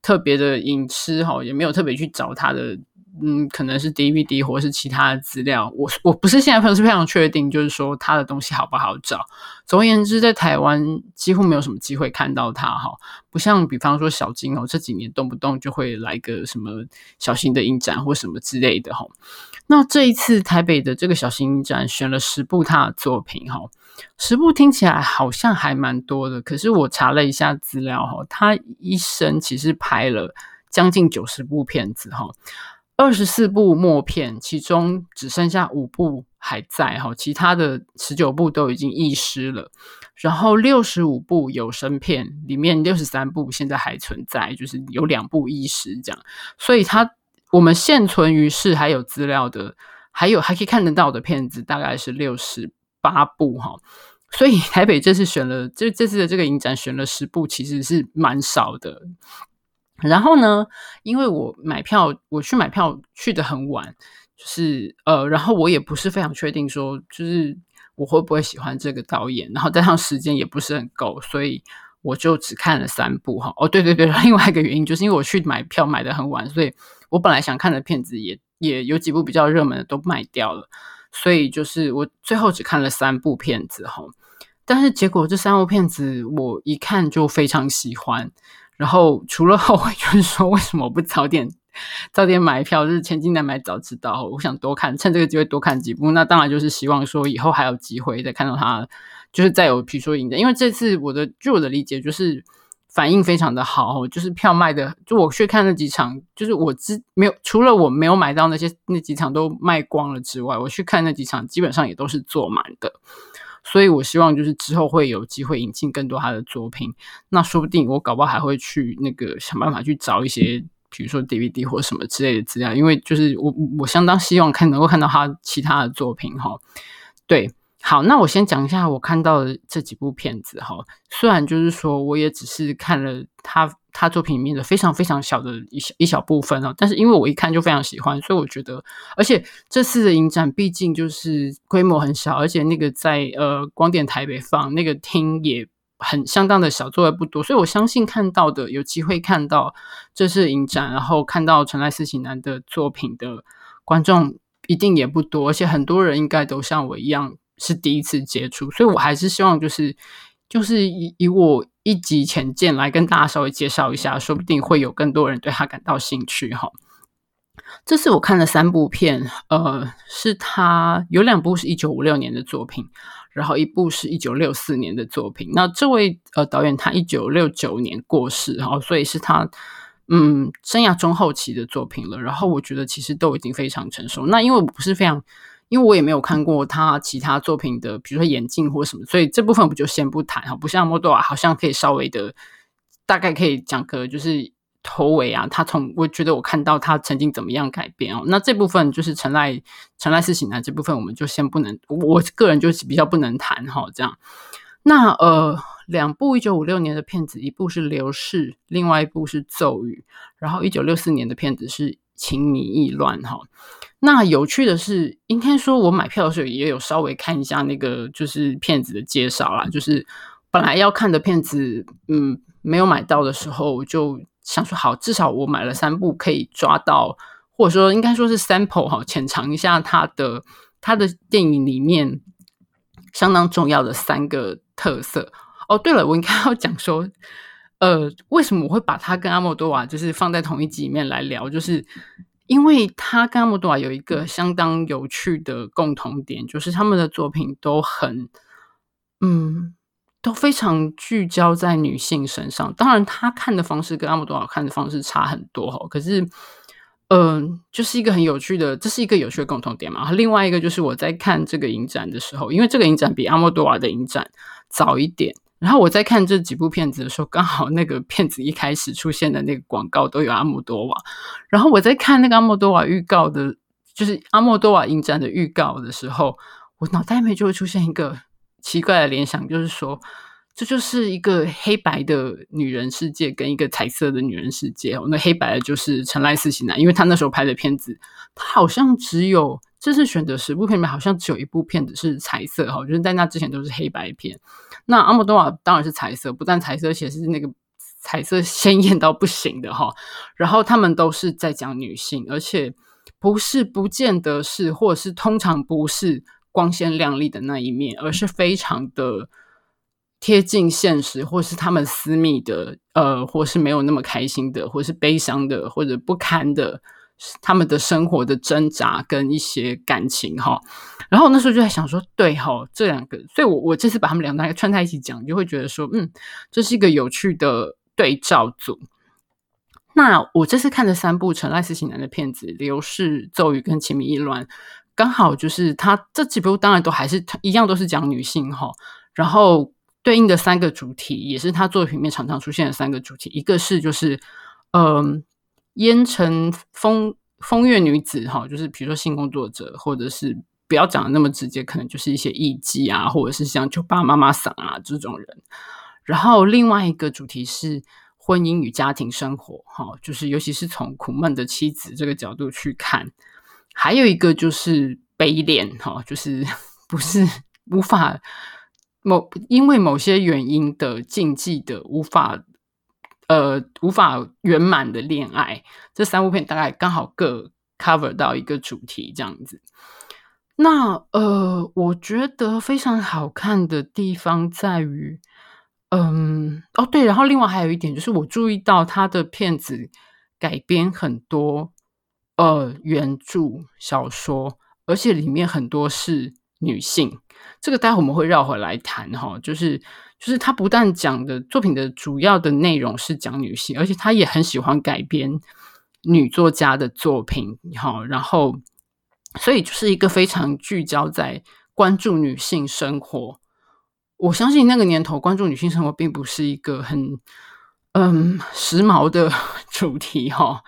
特別的影痴哈，也沒有特別去找他的。嗯，可能是 DVD 或是其他的資料，我我不是現在不是非常確定，就是說他的東西好不好找。總而言之，在台灣幾乎沒有什麼機會看到他哈，不像比方說小津哦，這幾年動不動就會來個什麼小型的影展或什麼之類的哈。那這一次台北的這個小型影展選了十部他的作品哈，十部聽起來好像還蠻多的，可是我查了一下資料哈，他一生其實拍了將近九十部片子哈。二十四部默片，其中只剩下五部還在哈，其他的十九部都已經遺失了。然後六十五部有聲片，裡面六十三部現在還存在，就是有兩部遺失這樣。所以它我們現存於世還有資料的，還有還可以看得到的片子，大概是六十八部哈。所以台北這次選了，這這次的這個影展選了十部，其實是蠻少的。然後呢，因為我買票，我去買票去得很晚，就是呃，然後我也不是非常確定說，就是我會不會喜歡這個導演。然後加上時間也不是很夠，所以我就只看了三部哈。哦，對對對，另外一個原因就是因為我去買票買得很晚，所以我本來想看的片子也也有幾部比較熱門的都賣掉了，所以就是我最後只看了三部片子哈。但是結果這三部片子我一看就非常喜歡。然後除了後悔，就是說為什麼不早點、早點買票，就是千金難買早知道。我想多看，趁這個機會多看幾部。那當然就是希望說以後還有機會再看到他，就是再有，比如說贏的。因為這次我的，據我的理解，就是反應非常的好，就是票賣的，就我去看那幾場，就是我之沒有，除了我沒有買到那些那幾場都賣光了之外，我去看那幾場基本上也都是坐滿的。所以，我希望就是之後會有機會引進更多他的作品。那說不定我搞不好還會去那個想辦法去找一些，比如說 DVD 或者什麼之類的資料，因為就是我我相當希望看能夠看到他其他的作品齁。對，好，那我先講一下我看到的這幾部片子齁。雖然就是說我也只是看了他。他作品裡面的非常非常小的一小一小部分啊，但是因為我一看就非常喜歡，所以我覺得，而且這次的影展畢竟就是規模很小，而且那個在呃光點台北放那個廳也很相當的小，座位不多，所以我相信看到的，有機會看到這次影展，然後看到成瀨巳喜男的作品的觀眾一定也不多，而且很多人應該都像我一樣是第一次接觸，所以我還是希望就是就是以以我。一集淺見來跟大家稍微介紹一下，說不定會有更多人對他感到興趣哈。這次我看的三部片，呃，是他有兩部是一九五六年的作品，然後一部是一九六四年的作品。那這位呃導演他一九六九年過世，所以是他嗯生涯中後期的作品了。然後我覺得其實都已經非常成熟。那因為我不是非常。因為我也沒有看過他其他作品的，比如說眼鏡或什麼，所以這部分我就先不談哈。不像莫多瓦，好像可以稍微的，大概可以講個就是頭尾啊。他從我覺得我看到他曾經怎麼樣改變哦。那這部分就是成瀨成瀨巳喜男的這部分，我們就先不能，我個人就是比較不能談哈這樣。那呃，兩部一九五六年的片子，一部是《流逝》，另外一部是《驟雨》。然後一九六四年的片子是。情迷意亂哈，那有趣的是，應該說我買票的時候也有稍微看一下那個就是片子的介紹啦。就是本來要看的片子，嗯，沒有買到的時候，我就想說好，至少我買了三部，可以抓到，或者說應該說是 sample 哈，淺嘗一下他的他的電影裡面相當重要的三個特色。哦，對了，我應該要講說。呃，為什麼我會把他跟阿莫多瓦就是放在同一集裡面來聊？就是因為他跟阿莫多瓦有一個相當有趣的共同點，就是他們的作品都很，嗯，都非常聚焦在女性身上。當然，他看的方式跟阿莫多瓦看的方式差很多哈。可是，嗯、呃，就是一個很有趣的，這是一個有趣的共同點嘛。另外一個就是我在看這個影展的時候，因為這個影展比阿莫多瓦的影展早一點。然後我在看這幾部片子的時候，剛好那個片子一開始出現的那個廣告都有阿莫多瓦。然後我在看那個阿莫多瓦預告的，就是阿莫多瓦影展的預告的時候，我腦袋裡面就會出現一個奇怪的聯想，就是說這就是一個黑白的女人世界跟一個彩色的女人世界。那黑白的就是成瀨巳喜男，因為他那時候拍的片子，他好像只有。這次選擇十部片裡面，好像只有一部片子是彩色哈，就是在那之前都是黑白片。那阿莫多瓦當然是彩色，不但彩色，而且是那個彩色鮮豔到不行的哈。然後他們都是在講女性，而且不是不見得是，或者是通常不是光鮮亮麗的那一面，而是非常的貼近現實，或是他們私密的，呃，或是沒有那麼開心的，或是悲傷的，或者不堪的。他們的生活的掙扎跟一些感情哈，然後那時候就在想說，對哈，這兩個，所以我我這次把他們兩個串在一起講，就會覺得說，嗯，這是一個有趣的對照組。那我這次看的三部成瀨巳喜男的片子《流逝、驟雨》跟《情迷意亂》，剛好就是他這幾部當然都還是一樣，都是講女性哈。然後對應的三個主題，也是他作品裡面常常出現的三個主題，一個是就是嗯。呃煙塵風風月女子哈、哦，就是比如說性工作者，或者是不要講的那麼直接，可能就是一些藝妓啊，或者是像酒吧媽媽桑啊這種人。然後另外一個主題是婚姻與家庭生活哈、哦，就是尤其是從苦悶的妻子這個角度去看。還有一個就是悲戀哈、哦，就是不是無法某因為某些原因的禁忌的無法。呃，無法圓滿的戀愛，這三部片大概剛好各 cover 到一個主題這樣子。那呃，我覺得非常好看的地方在於，嗯、呃，哦對，然後另外還有一點就是，我注意到他的片子改編很多呃原著小說，而且裡面很多是女性，這個待會我們會繞回來談哈，就是。就是他不但講的作品的主要的內容是講女性，而且他也很喜歡改編女作家的作品，然後，所以就是一個非常聚焦在關注女性生活。我相信那個年頭關注女性生活並不是一個很嗯時髦的主題，哈。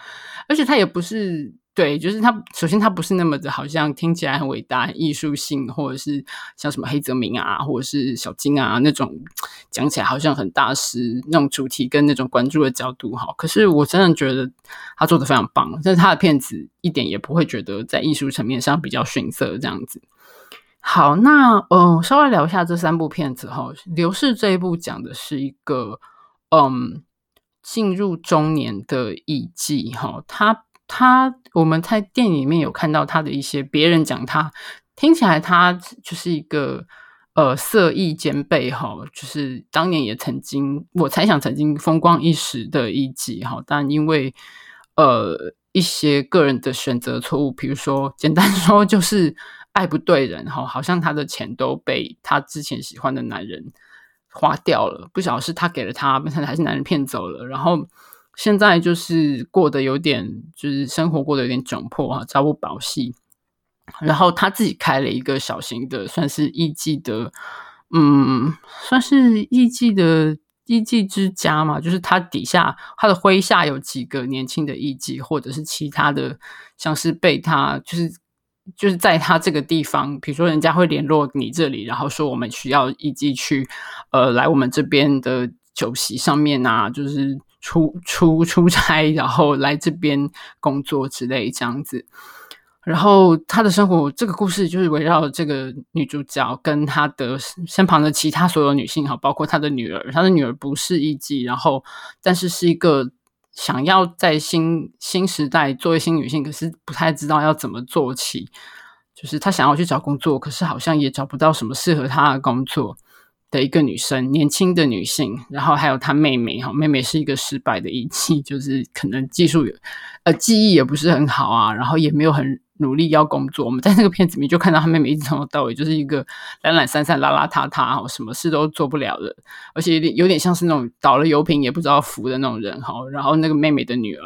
而且他也不是。對，就是他。首先，他不是那麼的，好像聽起來很偉大、藝術性，或者是像什麼黑澤明啊，或者是小金啊那種講起來好像很大師那種主題跟那種關注的角度。哈，可是我真的覺得他做的非常棒，但是他的片子一點也不會覺得在藝術層面上比較遜色。這樣子，好，那嗯，稍微聊一下這三部片子哈。劉氏這一部講的是一個嗯，進入中年的藝伎哈，他。他我們在電影裡面有看到他的一些，別人講他，聽起來他就是一個呃，色藝兼備哈，就是當年也曾經，我猜想曾經風光一時的一集哈，但因為呃一些個人的選擇錯誤，比如說簡單說就是愛不對人哈，好像他的錢都被他之前喜歡的男人花掉了，不曉得是他給了他，不曉得還是男人騙走了，然後。現在就是過得有點，就是生活過得有點窘迫啊，朝不保夕。然後他自己開了一個小型的，算是藝伎的，嗯，算是藝伎的藝伎之家嘛。就是他底下他的麾下有幾個年輕的藝伎，或者是其他的，像是被他就是就是在他這個地方，比如說人家會聯絡你這裡，然後說我們需要藝伎去，呃，來我們這邊的酒席上面啊，就是。出出出差，然後來這邊工作之類這樣子。然後她的生活，這個故事就是圍繞這個女主角跟她的身旁的其他所有女性，哈，包括她的女兒。她的女兒不是藝妓，然後但是是一個想要在新新時代作為新女性，可是不太知道要怎麼做起。就是她想要去找工作，可是好像也找不到什麼適合她的工作。的一個女生，年輕的女性，然後還有她妹妹哈，妹妹是一個失敗的藝妓，就是可能技術有呃，技藝也不是很好啊，然後也沒有很努力要工作。我們在那個片子裡面就看到她妹妹一直從頭到尾就是一個懶懶散散、邋邋遢遢，哦，什麼事都做不了的，而且有點像是那種倒了油瓶也不知道扶的那種人哈。然後那個妹妹的女兒，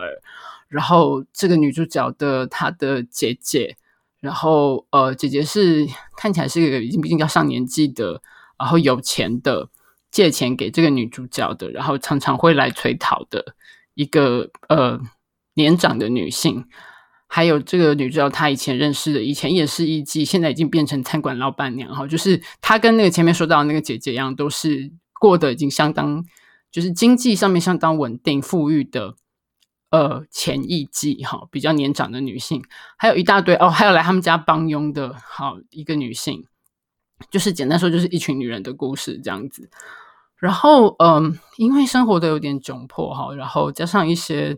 然後這個女主角的她的姐姐，然後呃，姐姐是看起來是一個已經畢竟要上年紀的。然後有錢的借錢給這個女主角的，然後常常會來催討的一個呃年長的女性，還有這個女主角她以前認識的，以前也是藝妓，現在已經變成餐館老闆娘。哈，就是她跟那個前面說到的那個姐姐一樣，都是過得已經相當就是經濟上面相當穩定富裕的呃前藝妓。哈，比較年長的女性，還有一大堆哦，還有來他們家幫傭的好一個女性。就是簡單說，就是一群女人的故事這樣子。然後，嗯，因為生活都有點窘迫哈，然後加上一些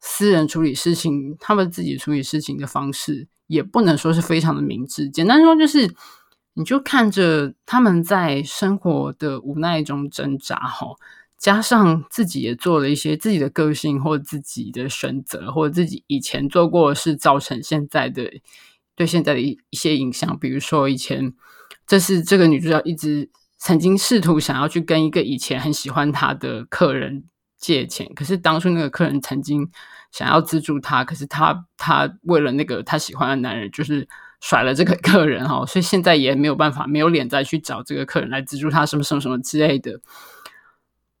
私人處理事情，他們自己處理事情的方式也不能說是非常的明智。簡單說，就是你就看着他們在生活的無奈中掙扎哈，加上自己也做了一些自己的個性或自己的選擇，或者自己以前做過的事造成現在的對現在的一一些影響，比如說以前。這是這個女主角一直曾經試圖想要去跟一個以前很喜歡她的客人借錢，可是當初那個客人曾經想要資助她，可是她她為了那個她喜歡的男人，就是甩了這個客人哦，所以現在也沒有辦法，沒有臉再去找這個客人來資助她什麼什麼什麼之類的。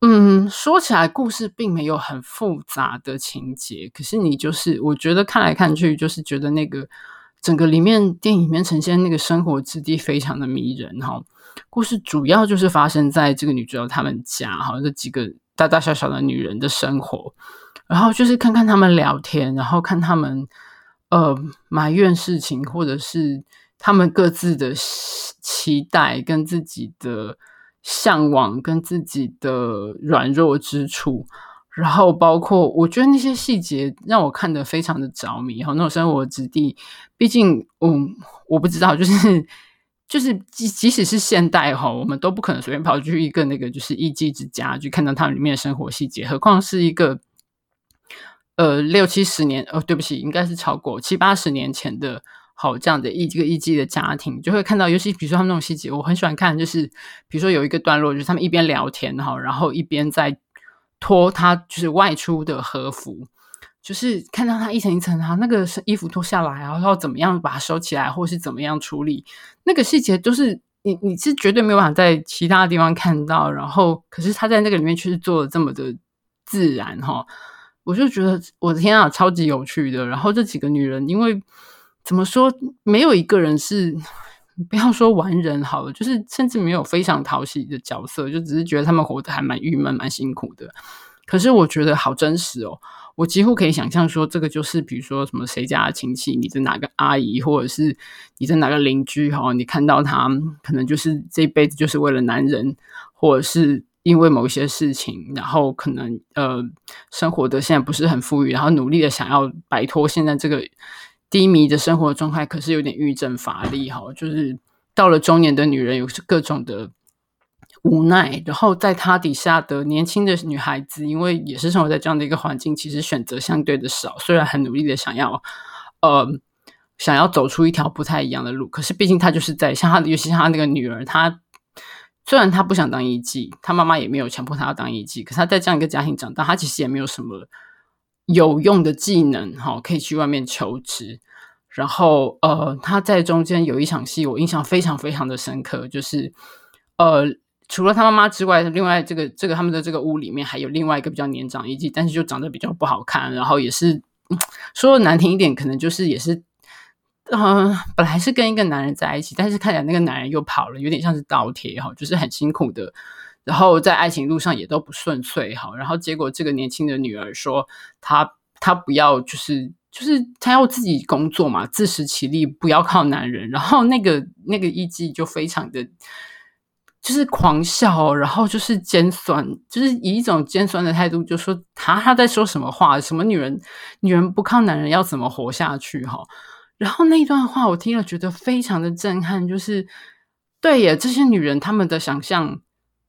嗯，說起來故事並沒有很複雜的情節，可是你就是我覺得看來看去就是覺得那個。整個裡面電影裡面呈現那個生活質地非常的迷人哈，故事主要就是發生在這個女主角她們家，好像這幾個大大小小的女人的生活，然後就是看看她們聊天，然後看她們呃埋怨事情，或者是她們各自的期待跟自己的嚮往跟自己的軟弱之處。然後包括我覺得那些細節讓我看的非常的着迷，然後那種生活質地，畢竟，嗯，我不知道，就是，就是即即使是現代哈，我們都不可能隨便跑去一個那個就是一伎之家去看到他們裡面的生活細節，何況是一個，呃，六七十年，哦，對不起，應該是超過七八十年前的，好這樣的一個一 g 的家庭，就會看到，尤其比如說他們那種細節，我很喜歡看，就是比如說有一個段落，就是他們一邊聊天哈，然後一邊在。脫他就是外出的和服，就是看到他一層一層，他那個衣服脫下來，然後要怎麼樣把它收起來，或者是怎麼樣處理，那個細節就是你你是絕對沒有辦法在其他地方看到。然後，可是他在那個裡面確實做的這麼的自然哈，我就覺得我的天啊，超級有趣的。然後這幾個女人，因為怎麼說，沒有一個人是。不要說完人好了，就是甚至沒有非常討喜的角色，就只是覺得他們活得還蠻鬱悶、蠻辛苦的。可是我覺得好真實哦，我幾乎可以想象說，這個就是比如說什麼誰家的親戚，你在哪個阿姨，或者是你在哪個鄰居哈、哦，你看到他可能就是這輩子就是為了男人，或者是因為某些事情，然後可能呃生活的現在不是很富裕，然後努力的想要擺脫現在這個低迷的生活狀態，可是有點抑鬱症、乏力哈。就是到了中年的女人，有各種的無奈。然後在她底下的年輕的女孩子，因為也是生活在這樣的一個環境，其實選擇相對的少。雖然很努力的想要，呃，想要走出一條不太一樣的路，可是畢竟她就是在像她的，尤其像她那個女兒，她雖然她不想當藝妓，她媽媽也沒有強迫她要當藝妓，可是她在這樣一個家庭長大，她其實也沒有什麼。有用的技能，哈、哦，可以去外面求職。然後，呃，他在中間有一場戲，我印象非常非常的深刻，就是，呃，除了他媽媽之外，另外這個這個他們的這個屋裡面還有另外一個比較年長一級，但是就長得比較不好看，然後也是說難聽一點，可能就是也是，嗯、呃，本來是跟一個男人在一起，但是看起來那個男人又跑了，有點像是倒貼哈、哦，就是很辛苦的。然後在愛情路上也都不順遂，哈，然後結果這個年輕的女兒說，她她不要，就是就是她要自己工作嘛，自食其力，不要靠男人。然後那個那個藝伎就非常的，就是狂笑哦，然後就是尖酸，就是以一種尖酸的態度，就說她她在說什麼話？什麼女人女人不靠男人要怎麼活下去哦，哈，然後那一段話我聽了覺得非常的震撼，就是對耶，這些女人他們的想象。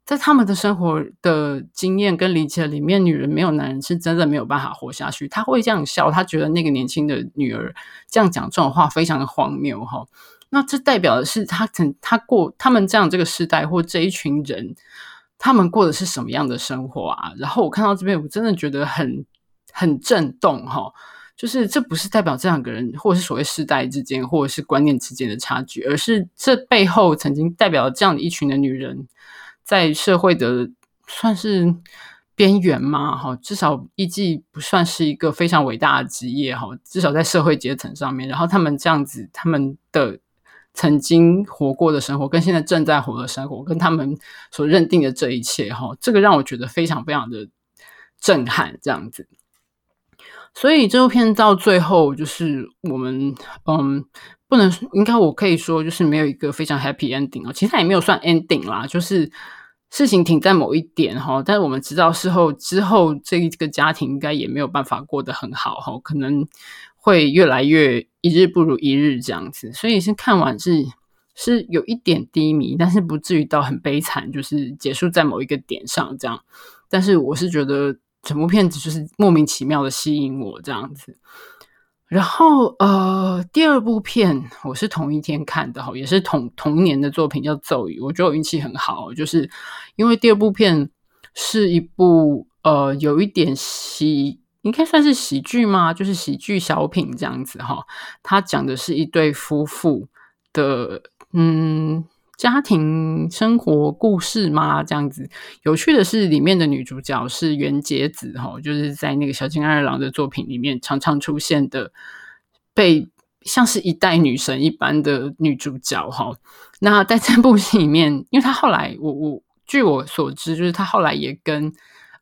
在他們的生活的經驗跟理解裡面，女人沒有男人是真的沒有辦法活下去。他會這樣笑，他覺得那個年輕的女兒這樣講這種話非常的荒謬哈、哦。那這代表的是他曾，他過他們這樣這個時代或這一群人，他們過的是什麼樣的生活啊？然後我看到這邊，我真的覺得很很震動哈、哦。就是這不是代表這兩個人，或者是所謂世代之間，或者是觀念之間的差距，而是這背後曾經代表這樣一群的女人。在社會的算是邊緣嘛，哈，至少藝伎不算是一個非常偉大的職業哈。至少在社會階層上面，然後他們這樣子，他們的曾經活過的生活，跟現在正在活的生活，跟他們所認定的這一切哈，這個讓我覺得非常非常的震撼。這樣子，所以這部片到最後就是我們嗯。不能，應該我可以說，就是沒有一個非常 happy ending 哦，其實它也沒有算 ending 啦，就是事情停在某一點哈，但是我們知道事後之後，之後這個家庭應該也沒有辦法過得很好哈，可能會越來越一日不如一日這樣子，所以是看完是是有一點低迷，但是不至於到很悲慘，就是結束在某一個點上這樣，但是我是覺得整部片子就是莫名其妙的吸引我這樣子。然後，呃，第二部片我是同一天看的哈，也是同同年的作品叫《驟雨》，我覺得我運氣很好，就是因為第二部片是一部呃，有一點喜，應該算是喜劇嗎，就是喜劇小品這樣子哈。他講的是一對夫婦的，嗯。家庭生活故事嗎？這樣子有趣的是，裡面的女主角是原節子哈，就是在那個小津安二郎的作品裡面常常出現的，被像是一代女神一般的女主角哈。那在這部戲裡面，因為她後來，我我據我所知，就是她後來也跟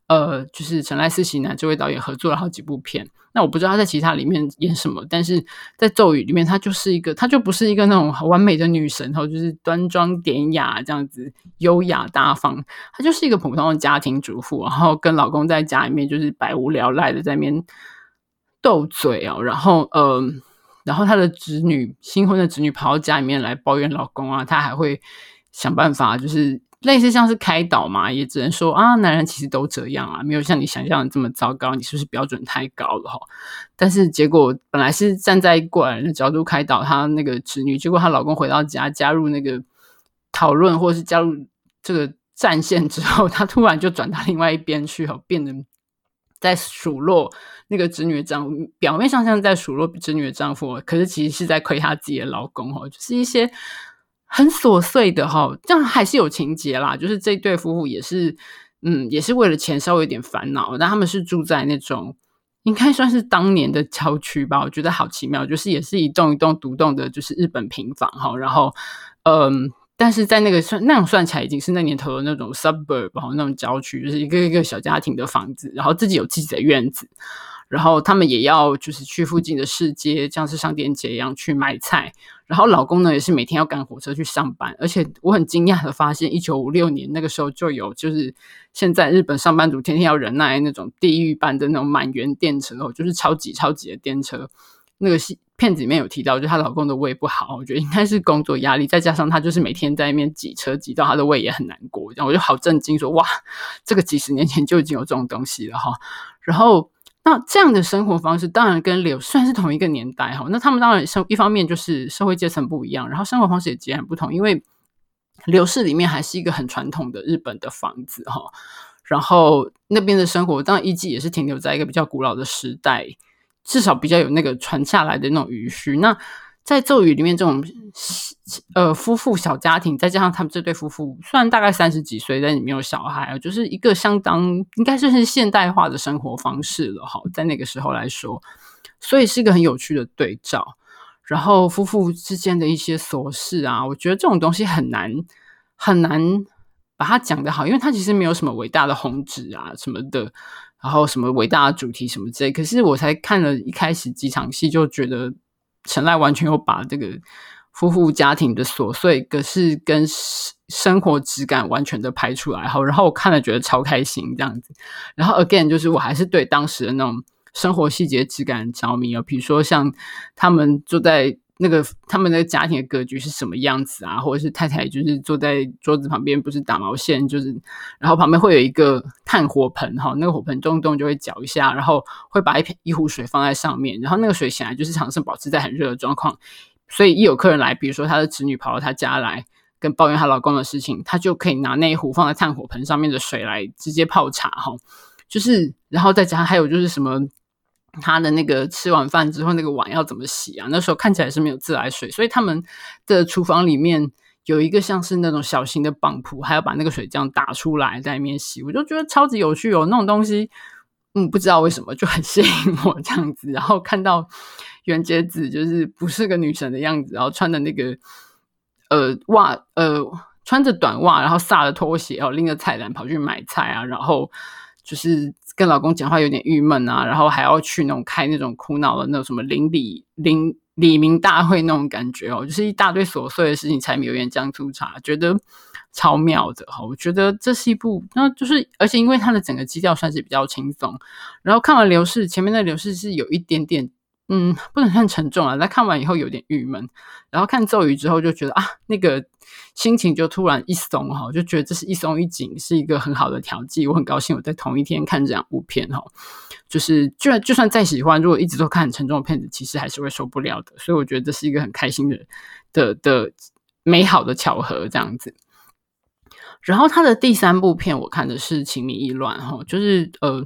呃，就是成瀨巳喜男這位導演合作了好幾部片。那我不知道她在其他裡面演什麼，但是在驟雨裡面，她就是一個，她就不是一個那種完美的女神，然後就是端莊典雅這樣子，優雅大方。她就是一個普通的家庭主婦，然後跟老公在家裡面就是百無聊賴的在那邊鬥嘴哦，然後嗯、呃，然後她的子女新婚的子女跑到家裡面來抱怨老公啊，她還會想辦法就是。類似像是開導嘛，也只能說啊，男人其實都這樣啊，沒有像你想象的這麼糟糕，你是不是標準太高了哈？但是結果本來是站在過來人的角度開導她那個侄女，結果她老公回到家加入那個討論，或是加入這個戰線之後，她突然就轉到另外一邊去，哦，變得在數落那個侄女的丈夫，表面上像在數落侄女的丈夫，可是其實是在虧她自己的老公哦，就是一些。很瑣碎的齁，這樣還是有情節啦。就是這對夫婦也是，嗯，也是為了錢稍微有點煩惱。但他們是住在那種應該算是當年的郊區吧。我覺得好奇妙，就是也是一棟一棟獨棟的，就是日本平房齁。然後，嗯，但是在那個算那樣算起來已經是那年頭的那種 suburb，然後那種郊區就是一個一個小家庭的房子，然後自己有自己的院子。然後他們也要就是去附近的市街，像是商店街一樣去買菜。然後老公呢也是每天要趕火車去上班。而且我很驚訝的發現，一九五六年那個時候就有就是現在日本上班族天天要忍耐那種地獄般的那種滿員電車哦，就是超級超級的電車。那個戲片子裡面有提到，就她老公的胃不好，我覺得應該是工作壓力，再加上他就是每天在那邊擠車擠到他的胃也很難過。然後我就好震驚說，說哇，這個幾十年前就已經有這種東西了哈。然後。那這樣的生活方式當然跟柳算是同一個年代哈，那他們當然生一方面就是社會階層不一樣，然後生活方式也截然不同，因為流逝裡面還是一個很傳統的日本的房子哈，然後那邊的生活當然一直也是停留在一個比較古老的時代，至少比較有那個傳下來的那種語序那。在驟雨裡面，這種呃夫婦小家庭，再加上他們這對夫婦，雖然大概三十幾歲，但也沒有小孩啊，就是一個相當應該算是現代化的生活方式了哈。在那個時候來說，所以是一個很有趣的對照。然後夫婦之間的一些瑣事啊，我覺得這種東西很難很難把它講得好，因為它其實沒有什麼偉大的宏旨啊什麼的，然後什麼偉大的主題什麼之類。可是我才看了一開始幾場戲，就覺得。陳賴完全又把這個夫婦家庭的瑣碎，可是跟生活質感完全的拍出來，後然後我看了覺得超開心這樣子，然後 again 就是我還是對當時的那種生活細節質感着迷啊、哦，比如說像他們住在。那個他們的家庭的格局是什麼樣子啊？或者是太太就是坐在桌子旁邊，不是打毛線，就是然後旁邊會有一個炭火盆哈、哦，那個火盆動動就會攪一下，然後會把一瓶一壺水放在上面，然後那個水顯然就是常常保持在很熱的狀況。所以一有客人來，比如說她的侄女跑到她家來跟抱怨她老公的事情，她就可以拿那一壺放在炭火盆上面的水來直接泡茶哈、哦，就是然後再加上還有就是什麼。他的那個吃完飯之後，那個碗要怎麼洗啊？那時候看起來是沒有自來水，所以他們的廚房裡面有一個像是那種小型的泵浦，還要把那個水這樣打出來在裡面洗，我就覺得超級有趣哦。那種東西，嗯，不知道為什麼就很吸引我這樣子。然後看到原節子就是不是個女神的樣子，然後穿的那個呃襪呃穿着短襪，然後撒了拖鞋，然後拎著菜籃跑去買菜啊，然後就是。跟老公講話有點鬱悶啊，然後還要去那種開那種苦惱的那種什麼鄰里鄰里民大會那種感覺哦，就是一大堆瑣碎的事情，柴米油鹽醬醋茶，覺得超妙的哈、哦。我覺得這是一部那就是，而且因為它的整個基調算是比較輕鬆，然後看完流逝，前面的流逝是有一點點。嗯，不能算沉重啊。在看完以後有點鬱悶，然後看驟雨之後就覺得啊，那個心情就突然一鬆哈、哦，就覺得這是一鬆一緊，是一個很好的調劑。我很高興我在同一天看這兩部片哈、哦，就是就算就算再喜歡，如果一直都看很沉重的片子，其實還是會受不了的。所以我覺得這是一個很開心的的的美好的巧合這樣子。然後他的第三部片我看的是《情迷意亂》哈、哦，就是呃。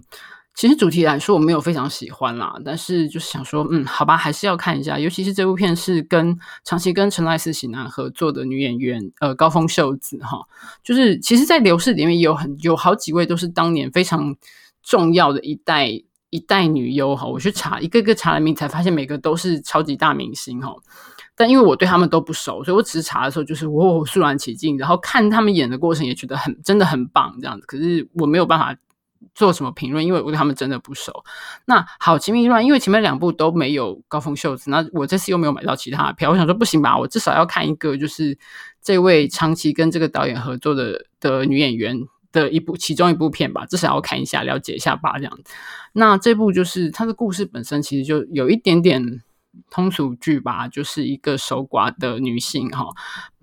其實主題來說，我沒有非常喜歡啦，但是就是想說，嗯，好吧，還是要看一下。尤其是這部片是跟長期跟陳賴四喜男合作的女演員，呃，高峰秀子哈、哦，就是其實，在流式裡面也有很有好幾位都是當年非常重要的一代一代女優哈、哦。我去查一個個查了名，才發現每個都是超級大明星哈、哦。但因為我對他們都不熟，所以我只是查的時候就是我肅、哦、然起敬，然後看他們演的過程也覺得很真的很棒這樣子。可是我沒有辦法。做什麼評論？因為我對他們真的不熟。那好，情迷意亂，因為前面兩部都沒有高峰秀子。那我這次又沒有買到其他的票，我想說不行吧，我至少要看一個，就是這位長期跟這個導演合作的的女演員的一部，其中一部片吧，至少要看一下，了解一下吧，這樣。那這部就是他的故事本身，其實就有一點點通俗劇吧，就是一個守寡的女性哈、哦，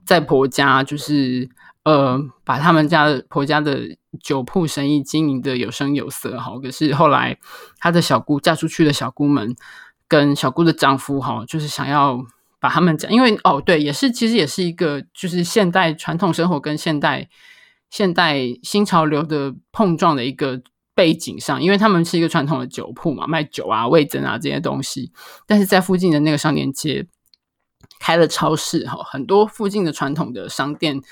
在婆家就是。呃，把他們家婆家的酒鋪生意經營得有聲有色，哈。可是後來，她的小姑，嫁出去的小姑們，跟小姑的丈夫，哈，就是想要把他們家，因為哦，對，也是其實也是一個，就是現代傳統生活跟現代現代新潮流的碰撞的一個背景上，因為他們是一個傳統的酒鋪嘛，賣酒啊、味噌啊這些東西，但是在附近的那個商店街開了超市，哈，很多附近的傳統的商店。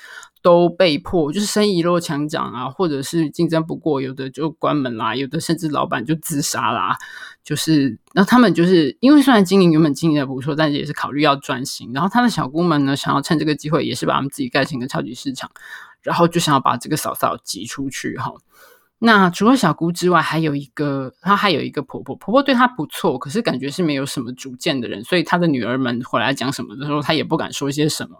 都被迫就是生意一落千丈啊，或者是競爭不過，有的就關門啦，有的甚至老闆就自殺啦。就是那他們就是因為雖然經營原本經營的不錯，但是也是考慮要轉型。然後他的小姑們呢，想要趁這個機會，也是把他們自己蓋成一個超級市場，然後就想要把這個嫂嫂擠出去哈。吼那除了小姑之外，還有一個，她還有一個婆婆，婆婆對她不錯，可是感覺是沒有什麼主見的人，所以她的女兒們回來講什麼的時候，她也不敢說些什麼。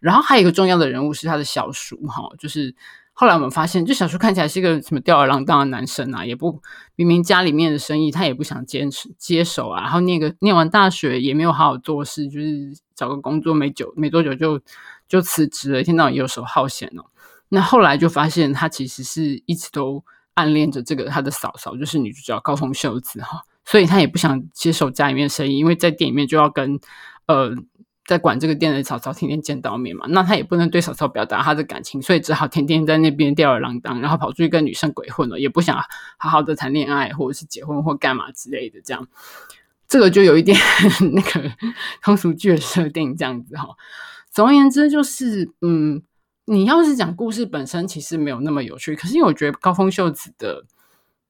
然後還有一個重要的人物是她的小叔，哈、哦，就是後來我們發現，就小叔看起來是一個什麼吊兒郎當的男生啊，也不明明家裡面的生意，他也不想堅持接手啊，然後那個念完大學也沒有好好做事，就是找個工作沒久沒多久就就辭職了，一天到晚游手好閒哦。那後來就發現他其實是一直都。暗戀着這個他的嫂嫂，就是女主角高峰秀子哈，所以他也不想接受家裡面生意，因為在店裡面就要跟，呃，在管這個店的嫂嫂，嫂天天見到面嘛，那他也不能對嫂嫂表達他的感情，所以只好天天在那邊吊兒郎當，然後跑出去跟女生鬼混了，也不想好好的談戀愛或者是結婚或幹嘛之類的，這樣，這個就有一點呵呵那個通俗劇的設定這樣子哈。總而言之，就是嗯。你要是講故事本身，其實沒有那麼有趣。可是因為我覺得高峰秀子的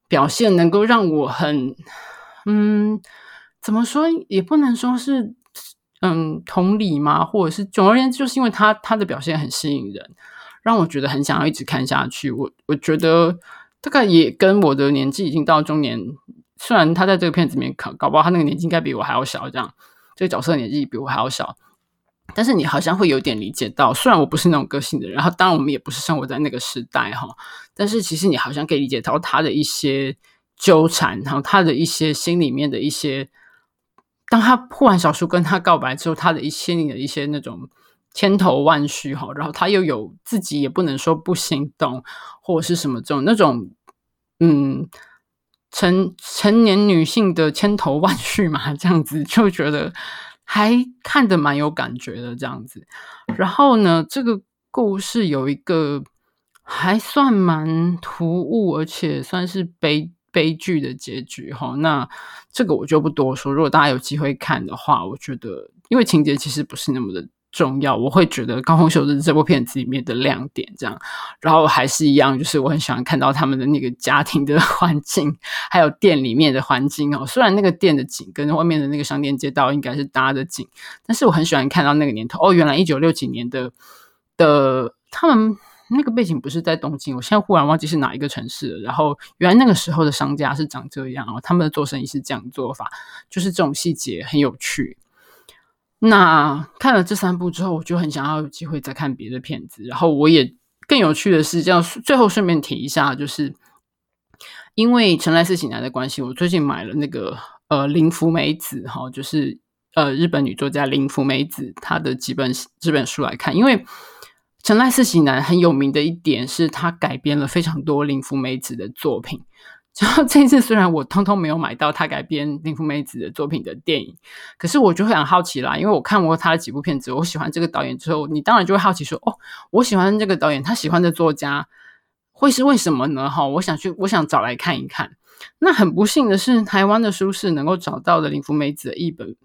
表現能夠讓我很，嗯，怎麼說也不能說是嗯同理嘛，或者是總而言之，就是因為他他的表現很吸引人，讓我覺得很想要一直看下去。我我覺得大概也跟我的年紀已經到中年，雖然他在這個片子裡面，搞搞不好他那個年紀應該比我還要小，這樣，這個角色年紀比我還要小。但是你好像會有點理解到，雖然我不是那種個性的人，然後當然我們也不是生活在那個時代哈。但是其實你好像可以理解到他的一些糾纏，然後他的一些心裡面的一些，當他破完小叔跟他告白之後，他的一心裡的一些那種千頭萬緒哈。然後他又有自己也不能說不心動或者是什麼這種那種嗯成成年女性的千頭萬緒嘛，這樣子就覺得。還看得蠻有感覺的這樣子，然後呢，這個故事有一個還算蠻突兀，而且算是悲悲劇的結局哈。那這個我就不多說，如果大家有機會看的話，我覺得因為情節其實不是那麼的。重要，我會覺得高峰秀子這部片子裡面的亮點這樣，然後還是一樣，就是我很喜歡看到他們的那個家庭的環境，還有店裡面的環境哦。雖然那個店的景跟外面的那個商店街道應該是搭的景。但是我很喜歡看到那個年頭哦，原來一九六幾年的的他們那個背景不是在東京，我現在忽然忘記是哪一個城市了。然後原來那個時候的商家是長這樣哦，他們的做生意是這樣做法，就是這種細節很有趣。那看了這三部之後，我就很想要有機會再看別的片子。然後我也更有趣的是，這樣最後順便提一下，就是因為成瀨巳喜男的關係，我最近買了那個呃林芙美子哈、哦，就是呃日本女作家林芙美子她的幾本這本書來看。因為成瀨巳喜男很有名的一點是，他改編了非常多林芙美子的作品。然後這一次雖然我通通沒有買到他改編林芙美子的作品的電影，可是我就會很好奇啦，因為我看過他的幾部片子，我喜歡這個導演之後，你當然就會好奇說，哦，我喜歡這個導演，他喜歡的作家會是為什麼呢？哈、哦，我想去，我想找來看一看。那很不幸的是，台灣的書市能夠找到的林芙美子的譯本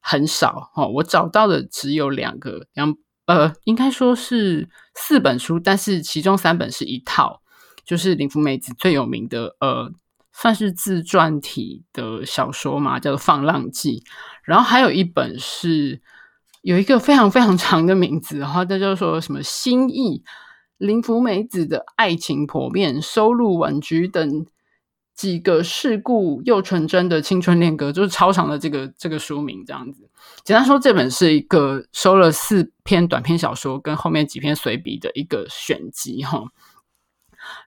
很少，哦，我找到的只有兩個，兩呃，應該說是四本書，但是其中三本是一套。就是林芙美子最有名的，呃，算是自傳體的小說嘛，叫做《放浪記》。然後還有一本是有一個非常非常長的名字，然後在就說什麼《新譯林芙美子的愛情剖面收錄晚菊等幾個世故又純真的青春戀歌》，就是超長的這個這個書名這樣子。簡單說，這本是一個收了四篇短篇小說跟後面幾篇隨筆的一個選集哈。齁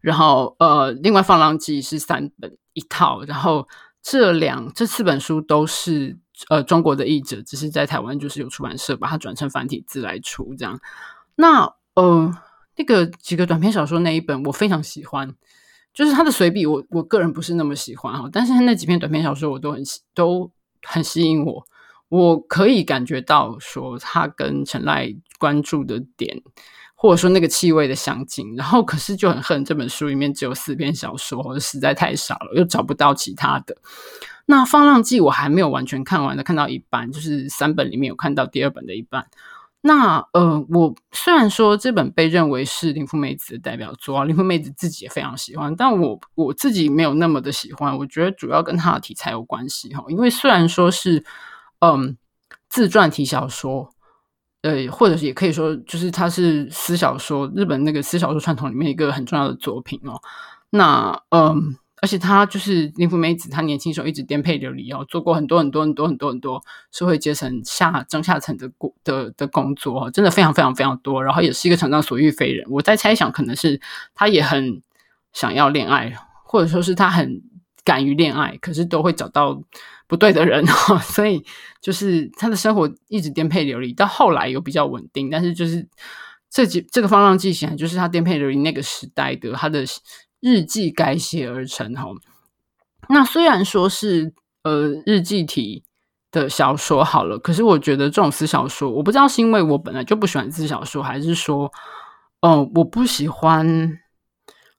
然後，呃，另外《放浪記》是三本一套，然後這兩這四本書都是呃中國的譯者，只是在台灣就是有出版社把它轉成繁體字來出這樣。那呃，那個幾個短篇小說那一本我非常喜歡，就是他的隨筆我，我我個人不是那麼喜歡，但是他那幾篇短篇小說我都很都很吸引我，我可以感覺到說他跟成瀨關注的點。或者說那個氣味的香精，然後可是就很恨這本書裡面只有四篇小說，實在太少了，又找不到其他的。那《放浪記》我還沒有完全看完的，看到一半，就是三本裡面有看到第二本的一半。那呃，我雖然說這本被認為是林芙美子的代表作，林芙美子自己也非常喜歡，但我我自己沒有那麼的喜歡。我覺得主要跟他的題材有關係哈，因為雖然說是嗯、呃、自傳體小說。呃，或者是也可以說，就是他是私小說，日本那個私小說傳統裡面一個很重要的作品哦。那嗯，而且他就是林芙美子，他年輕時候一直顛沛流離哦，做過很多很多很多很多很多社會階層下中下層的工的的工作，哦，真的非常非常非常多。然後也是一個常常所遇非人。我在猜想，可能是他也很想要戀愛，或者說是他很敢於戀愛，可是都會找到。不對的人，所以就是他的生活一直顛沛流離，到後來又比較穩定，但是就是這幾這個放浪記型，就是他顛沛流離那個時代的他的日記改寫而成哈。那雖然說是呃日記體的小說好了，可是我覺得這種私小說，我不知道是因為我本來就不喜歡私小說，還是說哦、呃、我不喜歡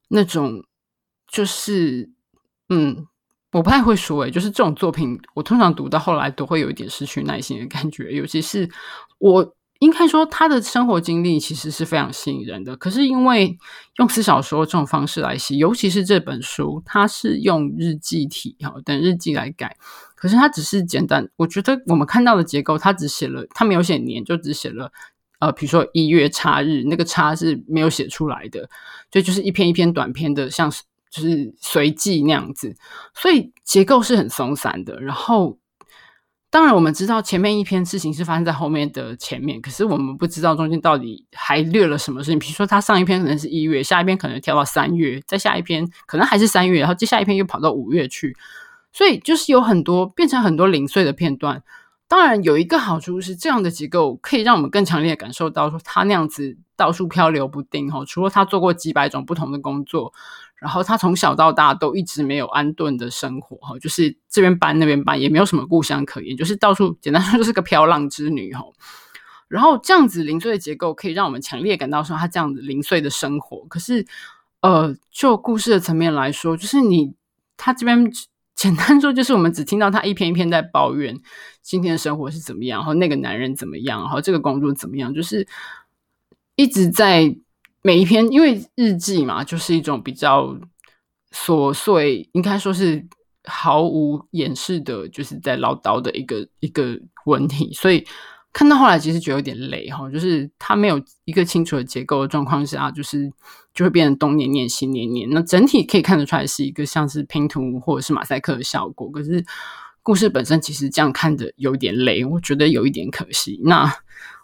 那種就是嗯。我不太會說誒，就是這種作品，我通常讀到後來都會有一點失去耐心的感覺。尤其是我應該說，他的生活經歷其實是非常吸引人的。可是因為用私小說這種方式來寫，尤其是這本書，它是用日記體、哦、等日記來改。可是它只是簡單，我覺得我們看到的結構，它只寫了，它沒有寫年，就只寫了呃，比如說一月差日，那個差是沒有寫出來的，所以就是一篇一篇短篇的，像是。就是隨機那樣子，所以結構是很鬆散的。然後，當然我們知道前面一篇事情是發生在後面的前面，可是我們不知道中間到底還略了什麼事情。比如說，它上一篇可能是一月，下一篇可能跳到三月，再下一篇可能還是三月，然後接下一篇又跑到五月去。所以就是有很多變成很多零碎的片段。當然，有一個好處是，這樣的結構可以讓我們更強烈感受到說，他那樣子到處漂流不定哈。除了他做過幾百種不同的工作，然後他從小到大都一直沒有安頓的生活哈，就是這邊搬那邊搬，也沒有什麼故鄉可言，就是到處，簡單說就是個漂浪之女哈。然後這樣子零碎的結構可以讓我們強烈感到說，他這樣子零碎的生活。可是，呃，就故事的層面來說，就是你他這邊。簡單說就是，我們只聽到他一篇一篇在抱怨今天的生活是怎麼樣，然後那個男人怎麼樣，然後這個工作怎麼樣，就是一直在每一篇，因為日記嘛，就是一種比較瑣碎，應該說是毫無掩飾的，就是在嘮叨的一個一個問題。所以看到後來，其實覺得有點累哈，就是他沒有一個清楚的結構的狀況下，就是。就會變成東黏黏、西黏黏，那整體可以看得出來是一個像是拼圖或者是馬賽克的效果。可是故事本身其實這樣看着有點累，我覺得有一點可惜。那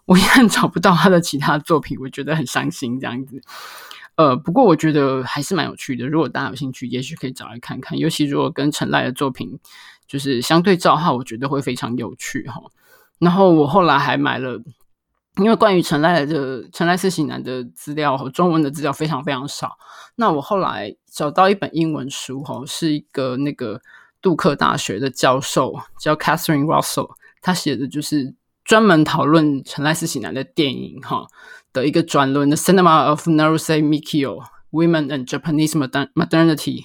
我也很找不到他的其他作品，我覺得很傷心。這樣子，呃，不過我覺得還是蠻有趣的。如果大家有興趣，也許可以找來看看。尤其如果跟成瀨的作品就是相對照的話，我覺得會非常有趣哈。然後我後來還買了。因為關於成瀨的，成瀨巳喜男的資料和中文的資料非常非常少，那我後來找到一本英文書哈，是一個那個杜克大學的教授叫 Catherine Russell，他寫的就是專門討論成瀨巳喜男的電影哈的一個專論的 Cinema of Naruse Mikio Women and Japanese Modernity。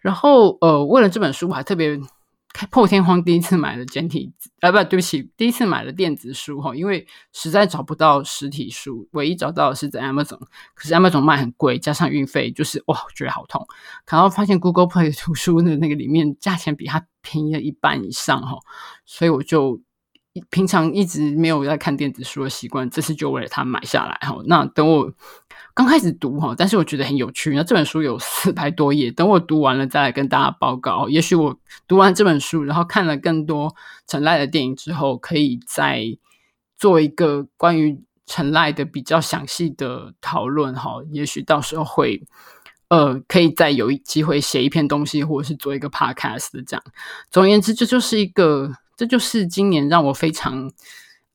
然後呃，為了這本書，我還特別。破天荒第一次買了簡體字，啊，不，對不起，第一次買了電子書哈，因為實在找不到實體書，唯一找到的是在 Amazon，可是 Amazon 賣很貴，加上運費，就是哇，覺得好痛。然後發現 Google Play 圖書的那個裡面價錢比它便宜了一半以上哈，所以我就平常一直沒有在看電子書的習慣，這次就為了它買下來哈。那等我。剛開始讀哈，但是我覺得很有趣。那這本書有四百多頁，等我讀完了再來跟大家報告。也許我讀完這本書，然後看了更多成瀨的電影之後，可以再做一個關於成瀨的比較詳細的討論哈。也許到時候會呃，可以再有機會寫一篇東西，或者是做一個 podcast 的這樣。總而言之，這就是一個，這就是今年讓我非常。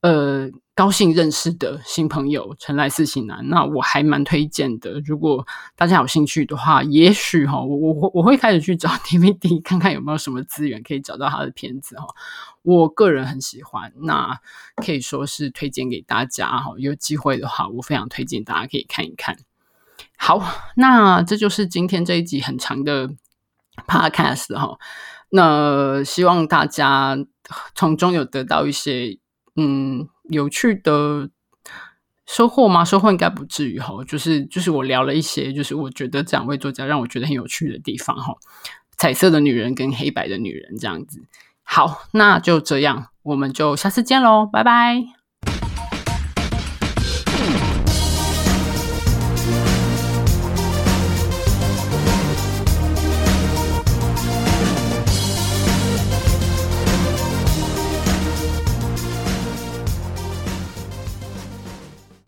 呃，高興認識的新朋友成瀨巳喜男，那我還蠻推薦的。如果大家有興趣的話，也許哈、哦，我我我我會開始去找 DVD 看看有沒有什麼資源可以找到他的片子哈、哦。我個人很喜歡，那可以說是推薦給大家哈、哦。有機會的話，我非常推薦大家可以看一看。好，那這就是今天這一集很長的 Podcast 哈、哦。那希望大家從中有得到一些。嗯，有趣的收穫嗎？收穫應該不至於吼，就是就是我聊了一些，就是我覺得這兩位作家讓我覺得很有趣的地方吼，彩色的女人跟黑白的女人這樣子。好，那就這樣，我們就下次見嘍，拜拜。